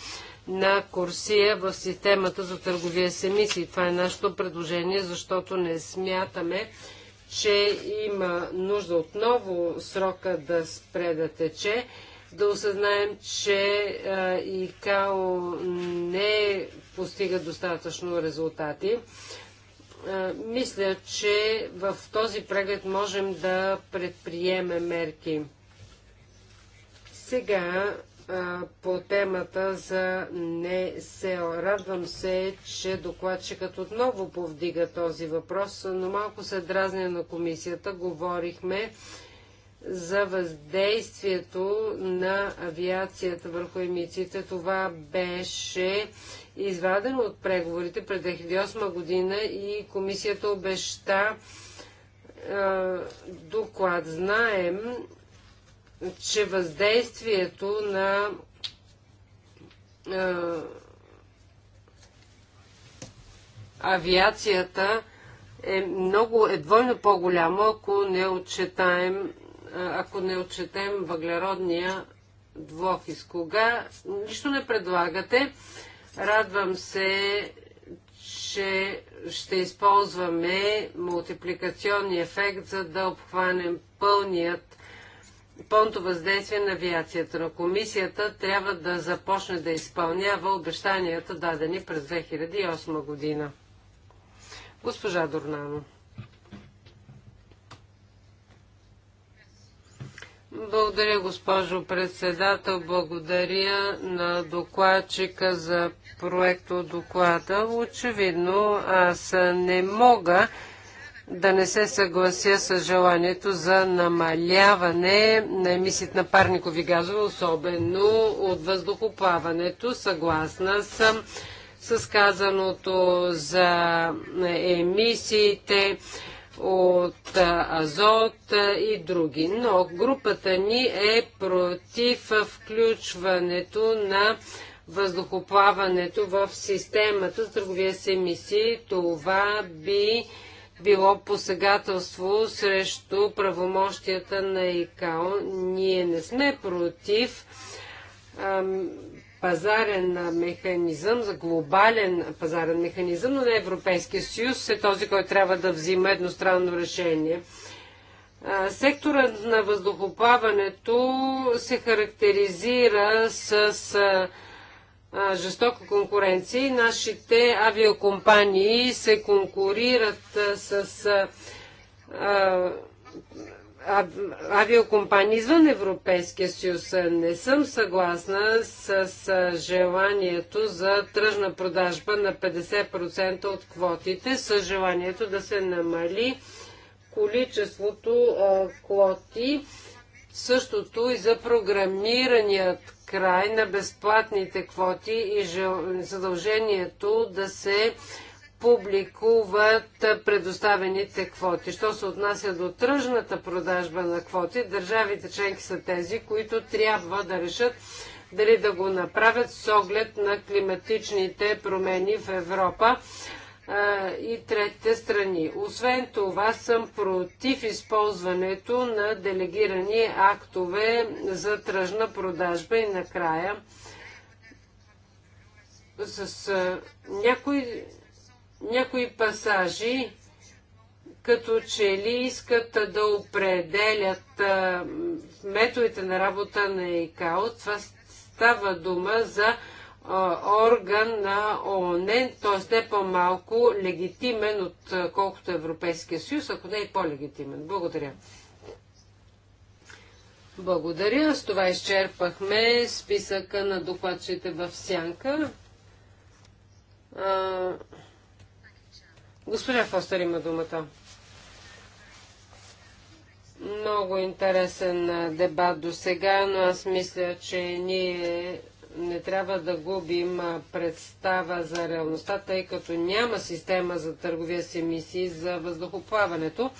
на Курсия в системата за търговия с емисии. Това е нашето предложение, защото не смятаме, че има нужда отново срока да спре да тече, да осъзнаем, че а, ИКАО не постига достатъчно резултати. А, мисля, че в този преглед можем да предприеме мерки. Сега по темата за НСЕО. Радвам се, че докладчикът отново повдига този въпрос, но малко се дразня на комисията. Говорихме за въздействието на авиацията върху емисиите. Това беше извадено от преговорите през 2008 година и комисията обеща доклад. Знаем, че въздействието на а, авиацията е много, е двойно по-голямо, ако не отчетаем, ако не отчетем въглеродния двуокис. Кога нищо не предлагате, радвам се, че ще използваме мултипликационния ефект, за да обхванем пълният пълното въздействие на авиацията, но комисията трябва да започне да изпълнява обещанията дадени през 2008 година. Госпожа Дорнано. Благодаря, госпожо председател. Благодаря на докладчика за проекто доклада. Очевидно, аз не мога да не се съглася с желанието за намаляване на емисиите на парникови газове, особено от въздухоплаването. Съгласна съм с казаното за емисиите от азот и други. Но групата ни е против включването на въздухоплаването в системата с търговия с емисии. Това би било посегателство срещу правомощията на ИКАО. Ние не сме против ам, пазарен механизъм, за глобален пазарен механизъм, но на Европейския съюз е този, който трябва да взима едностранно решение. А, секторът на въздухоплаването се характеризира с а, жестока конкуренция. Нашите авиокомпании се конкурират с авиокомпании извън Европейския съюз. Не съм съгласна с, с желанието за тръжна продажба на 50% от квотите, с желанието да се намали количеството а, квоти. Същото и за програмираният край на безплатните квоти и задължението да се публикуват предоставените квоти. Що се отнася до тръжната продажба на квоти, държавите членки са тези, които трябва да решат дали да го направят с оглед на климатичните промени в Европа и третите страни. Освен това съм против използването на делегирани актове за тръжна продажба и накрая с някои, някои пасажи като че ли искат да определят методите на работа на ИКАО. Това става дума за орган на ООН, т.е. не по-малко легитимен, отколкото Европейския съюз, ако не е и е по-легитимен. Благодаря. Благодаря. С това изчерпахме списъка на докладчите в сянка. А... Госпожа Фостер има думата. Много интересен дебат до сега, но аз мисля, че ние не трябва да губим представа за реалността, тъй като няма система за търговия с емисии за въздухоплаването,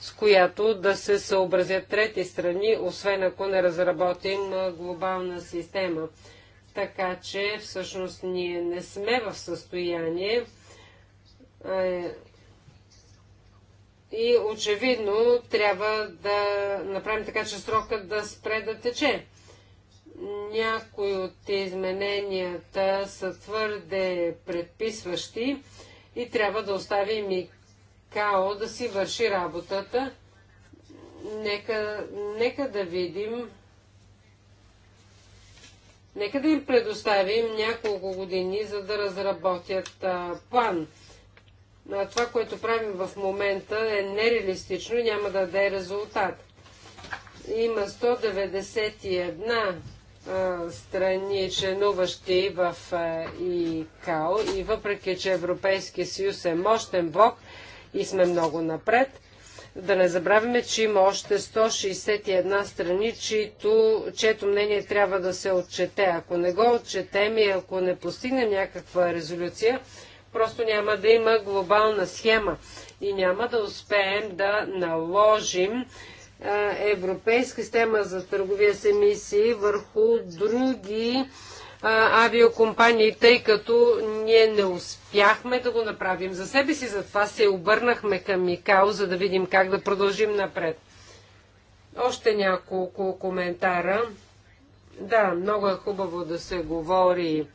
с която да се съобразят трети страни, освен ако не разработим глобална система. Така че всъщност ние не сме в състояние е, и очевидно трябва да направим така, че срокът да спре да тече. Някои от измененията са твърде предписващи и трябва да оставим и КАО да си върши работата. Нека, нека да видим. Нека да им предоставим няколко години, за да разработят а, план. А, това, което правим в момента е нереалистично и няма да даде резултат. Има 191 страни, членуващи в ИКАО и въпреки, че Европейския съюз е мощен Бог, и сме много напред, да не забравяме, че има още 161 страни, чието, чието мнение трябва да се отчете. Ако не го отчетем и ако не постигнем някаква резолюция, просто няма да има глобална схема и няма да успеем да наложим европейска система за търговия с емисии върху други авиокомпании, тъй като ние не успяхме да го направим за себе си, затова се обърнахме към Микао, за да видим как да продължим напред. Още няколко коментара. Да, много е хубаво да се говори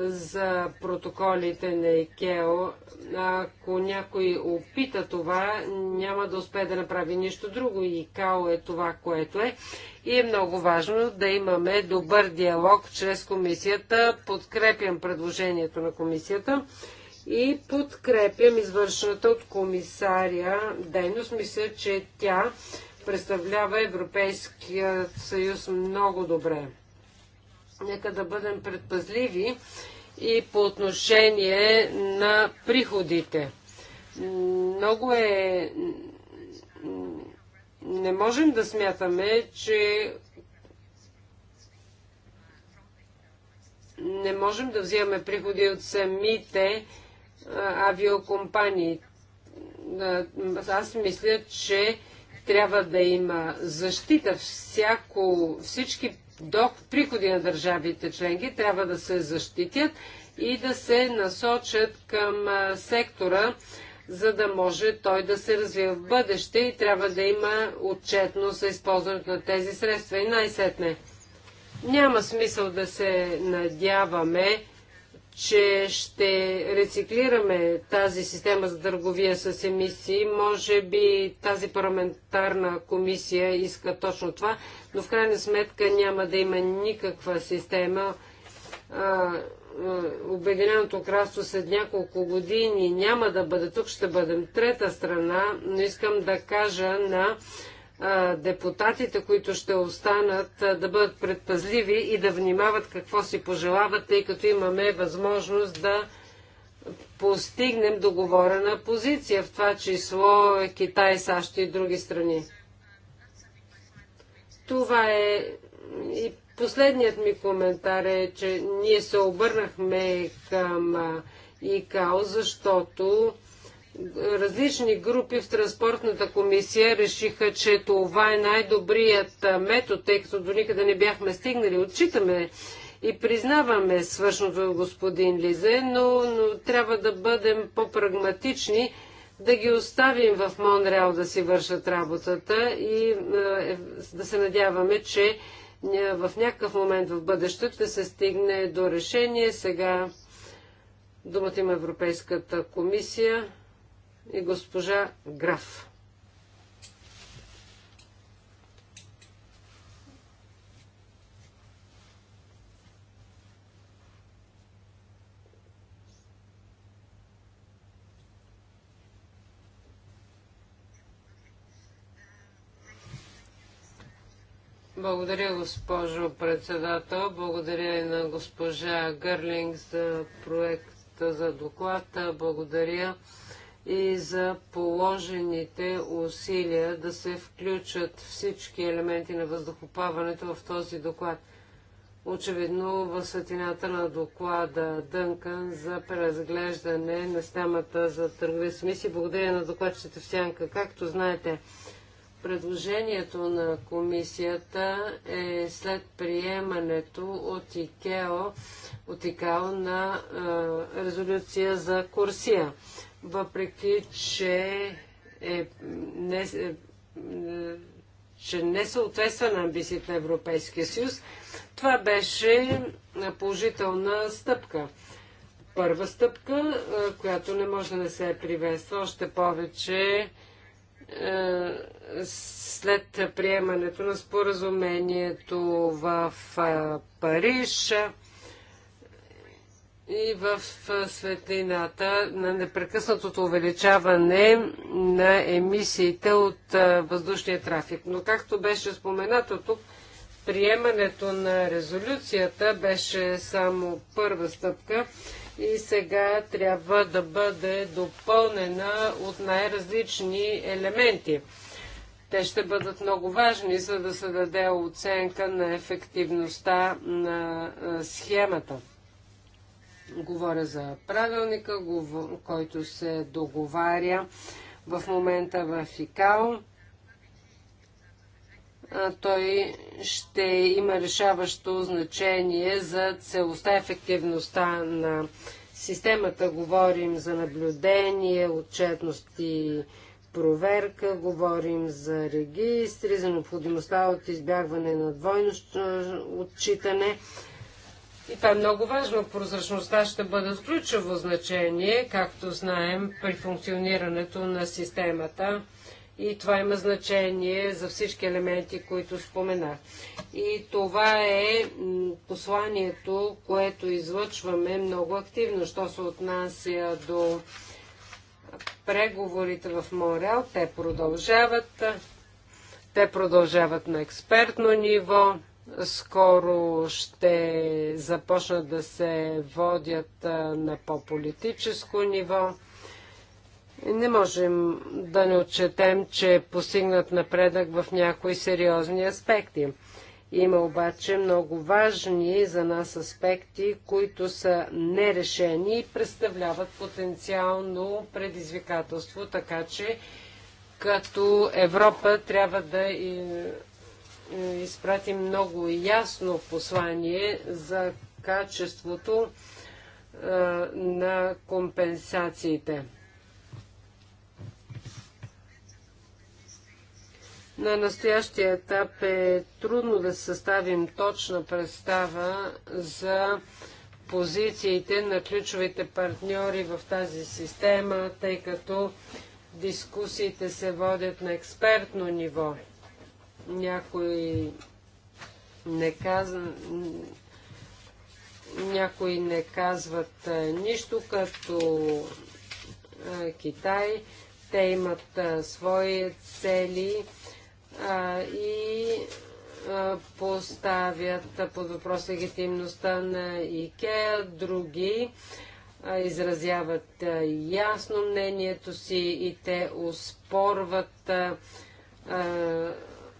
за протоколите на ИКЕО. Ако някой опита това, няма да успее да направи нищо друго. ИКАО е това, което е. И е много важно да имаме добър диалог чрез комисията. Подкрепям предложението на комисията и подкрепям извършената от комисаря дейност. Мисля, че тя представлява Европейския съюз много добре нека да бъдем предпазливи и по отношение на приходите. Много е. Не можем да смятаме, че не можем да взимаме приходи от самите авиокомпании. Аз мисля, че трябва да има защита. Всяко, всички до приходи на държавите членки трябва да се защитят и да се насочат към сектора, за да може той да се развива в бъдеще и трябва да има отчетност за използването на тези средства. И най-сетне, няма смисъл да се надяваме, че ще рециклираме тази система за търговия с емисии. Може би тази парламентарна комисия иска точно това, но в крайна сметка няма да има никаква система. Обединеното кралство след няколко години няма да бъде тук, ще бъдем трета страна, но искам да кажа на депутатите, които ще останат, да бъдат предпазливи и да внимават какво си пожелават, тъй като имаме възможност да постигнем договорена позиция, в това число Китай, САЩ и други страни. Това е и последният ми коментар е, че ние се обърнахме към ИКАО, защото различни групи в транспортната комисия решиха, че това е най-добрият метод, тъй като до никъде не бяхме стигнали. Отчитаме и признаваме свършното господин Лизе, но, но трябва да бъдем по-прагматични, да ги оставим в Монреал да си вършат работата и е, да се надяваме, че в някакъв момент в бъдещето ще се стигне до решение. Сега думата има Европейската комисия е госпожа Граф. Благодаря, госпожо председател. Благодаря и на госпожа Гърлинг за проекта за доклада. Благодаря и за положените усилия да се включат всички елементи на въздухоплаването в този доклад. Очевидно в на доклада Дънкан за преразглеждане на системата за търгови с мисии. Благодаря на докладчите в Сянка. Както знаете, предложението на комисията е след приемането от ИКЕО, от ИКАО на е, резолюция за Курсия въпреки че е, не, е, че не съответства на амбициите на Европейския съюз. Това беше положителна стъпка. Първа стъпка, е, която не може да не се приветства, още повече е, след приемането на споразумението в Париж и в светлината на непрекъснатото увеличаване на емисиите от въздушния трафик. Но както беше споменато тук, приемането на резолюцията беше само първа стъпка и сега трябва да бъде допълнена от най-различни елементи. Те ще бъдат много важни, за да се даде оценка на ефективността на схемата. Говоря за правилника, който се договаря в момента в ИКАО. Той ще има решаващо значение за целостта и ефективността на системата. Говорим за наблюдение, отчетност и проверка, говорим за регистри, за необходимостта от избягване на двойно отчитане. И това е много важно. Прозрачността ще бъде ключово значение, както знаем, при функционирането на системата. И това има значение за всички елементи, които споменах. И това е посланието, което излъчваме много активно, що се отнася до преговорите в Мореал. Те продължават. Те продължават на експертно ниво скоро ще започнат да се водят на по-политическо ниво. Не можем да не отчетем, че е постигнат напредък в някои сериозни аспекти. Има обаче много важни за нас аспекти, които са нерешени и представляват потенциално предизвикателство, така че като Европа трябва да и. Е, изпрати много ясно послание за качеството е, на компенсациите. На настоящия етап е трудно да съставим точна представа за позициите на ключовите партньори в тази система, тъй като дискусиите се водят на експертно ниво. Някой не казва, някои не казват нищо, като Китай. Те имат свои цели и поставят под въпрос легитимността на Икея, други изразяват ясно мнението си и те успорват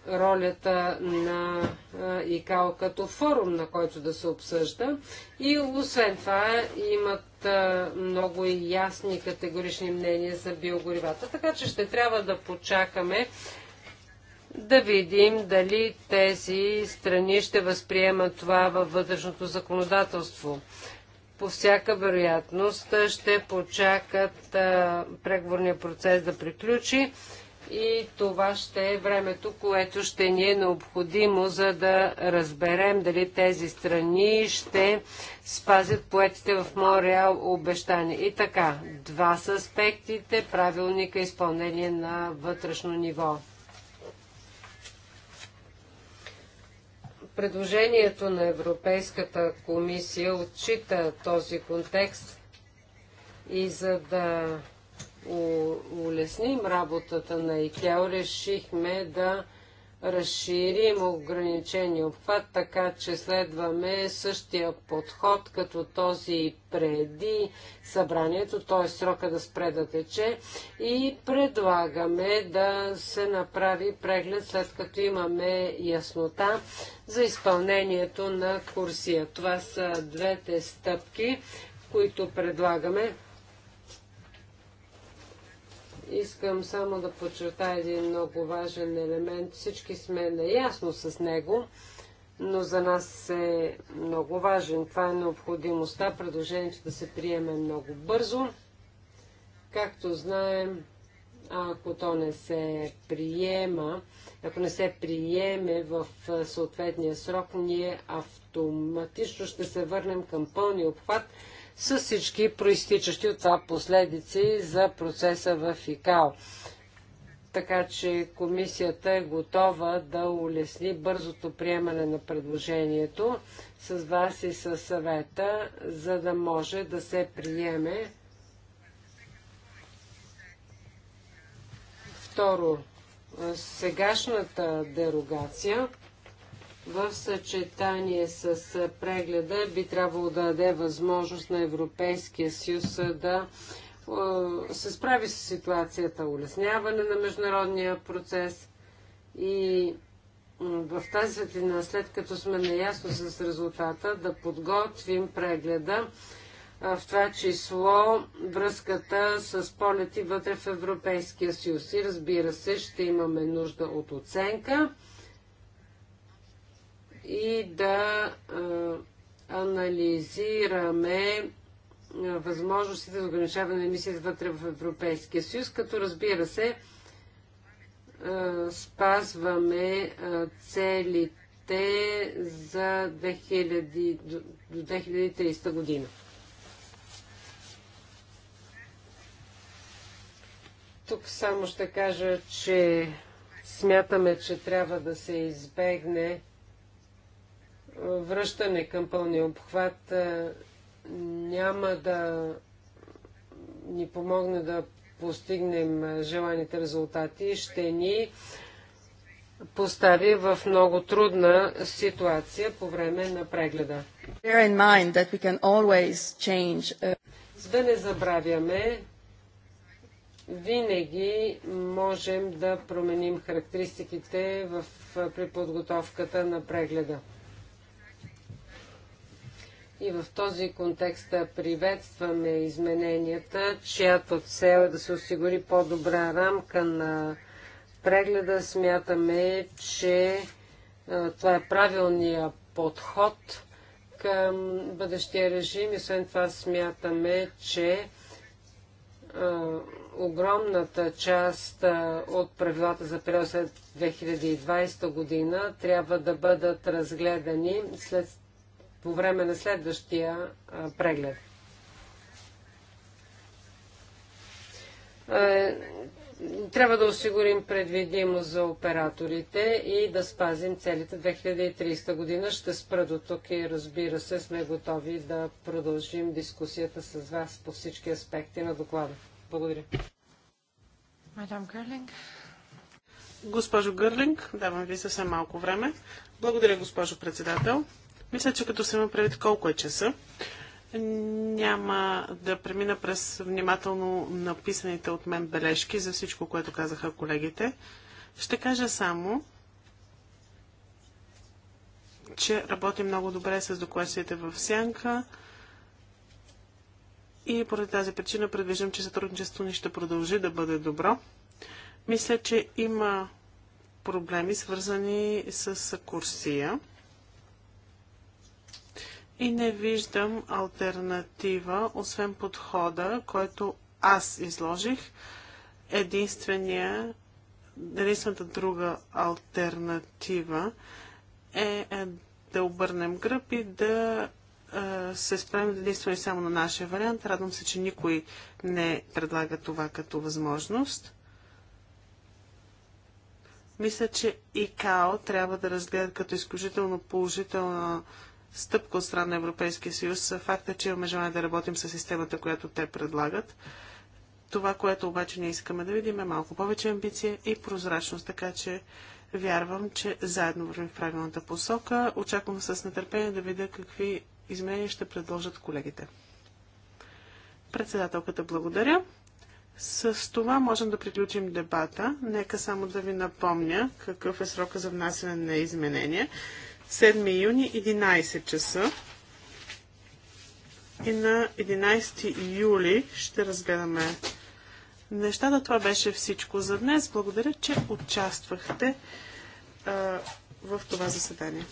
ролята на ИКАО като форум, на който да се обсъжда. И освен това имат много ясни категорични мнения за биогоривата. Така че ще трябва да почакаме да видим дали тези страни ще възприемат това във вътрешното законодателство. По всяка вероятност ще почакат преговорния процес да приключи и това ще е времето, което ще ни е необходимо, за да разберем дали тези страни ще спазят поетите в Мореал обещания. И така, два са аспектите, правилника изпълнение на вътрешно ниво. предложението на Европейската комисия отчита този контекст и за да улесним работата на ИКЕО, решихме да разширим ограничения обхват, така че следваме същия подход като този преди събранието, т.е. срока да спре да тече и предлагаме да се направи преглед след като имаме яснота за изпълнението на курсия. Това са двете стъпки, които предлагаме Искам само да подчертая един много важен елемент. Всички сме наясно с него, но за нас е много важен. Това е необходимостта. Предложението да се приеме много бързо. Както знаем, ако то не се приема, ако не се приеме в съответния срок, ние автоматично ще се върнем към пълния обхват – с всички проистичащи от това последици за процеса в ИКАО. Така че комисията е готова да улесни бързото приемане на предложението с вас и със съвета, за да може да се приеме Второ, сегашната дерогация в съчетание с прегледа би трябвало да даде възможност на Европейския съюз да се справи с ситуацията, улесняване на международния процес и в тази светлина, след като сме наясно с резултата, да подготвим прегледа, в това число връзката с полети вътре в Европейския съюз. И разбира се, ще имаме нужда от оценка и да анализираме възможностите за ограничаване на емисиите вътре в Европейския съюз, като разбира се, спазваме целите за 2000, до 2030 година. Тук само ще кажа, че смятаме, че трябва да се избегне връщане към пълния обхват няма да ни помогне да постигнем желаните резултати, ще ни постави в много трудна ситуация по време на прегледа. Да не забравяме, винаги можем да променим характеристиките в, при подготовката на прегледа. И в този контекст приветстваме измененията, чиято цел е да се осигури по-добра рамка на прегледа. Смятаме, че това е правилния подход към бъдещия режим. И освен това смятаме, че огромната част от правилата за период след 2020 година трябва да бъдат разгледани след по време на следващия преглед. трябва да осигурим предвидимост за операторите и да спазим целите 2030 година. Ще спра до тук и разбира се, сме готови да продължим дискусията с вас по всички аспекти на доклада. Благодаря. Мадам Гърлинг. Госпожо Гърлинг, давам ви съвсем малко време. Благодаря, госпожо председател. Мисля, че като се има предвид колко е часа, няма да премина през внимателно написаните от мен бележки за всичко, което казаха колегите. Ще кажа само, че работи много добре с докладчиците в Сянка и поради тази причина предвиждам, че сътрудничеството ни ще продължи да бъде добро. Мисля, че има проблеми, свързани с курсия. И не виждам альтернатива, освен подхода, който аз изложих. Единствения, единствената друга альтернатива е, е да обърнем гръб и да е, се справим единствено и само на нашия вариант. Радвам се, че никой не предлага това като възможност. Мисля, че ИКАО трябва да разгледат като изключително положителна стъпка от страна на Европейския съюз. Факта, е, че имаме желание да работим с системата, която те предлагат. Това, което обаче ние искаме да видим е малко повече амбиция и прозрачност, така че вярвам, че заедно вървим в правилната посока. Очаквам с нетърпение да видя какви изменения ще предложат колегите. Председателката благодаря. С това можем да приключим дебата. Нека само да ви напомня какъв е срока за внасяне на изменения. 7 юни 11 часа и на 11 юли ще разгледаме нещата. Това беше всичко за днес. Благодаря, че участвахте а, в това заседание.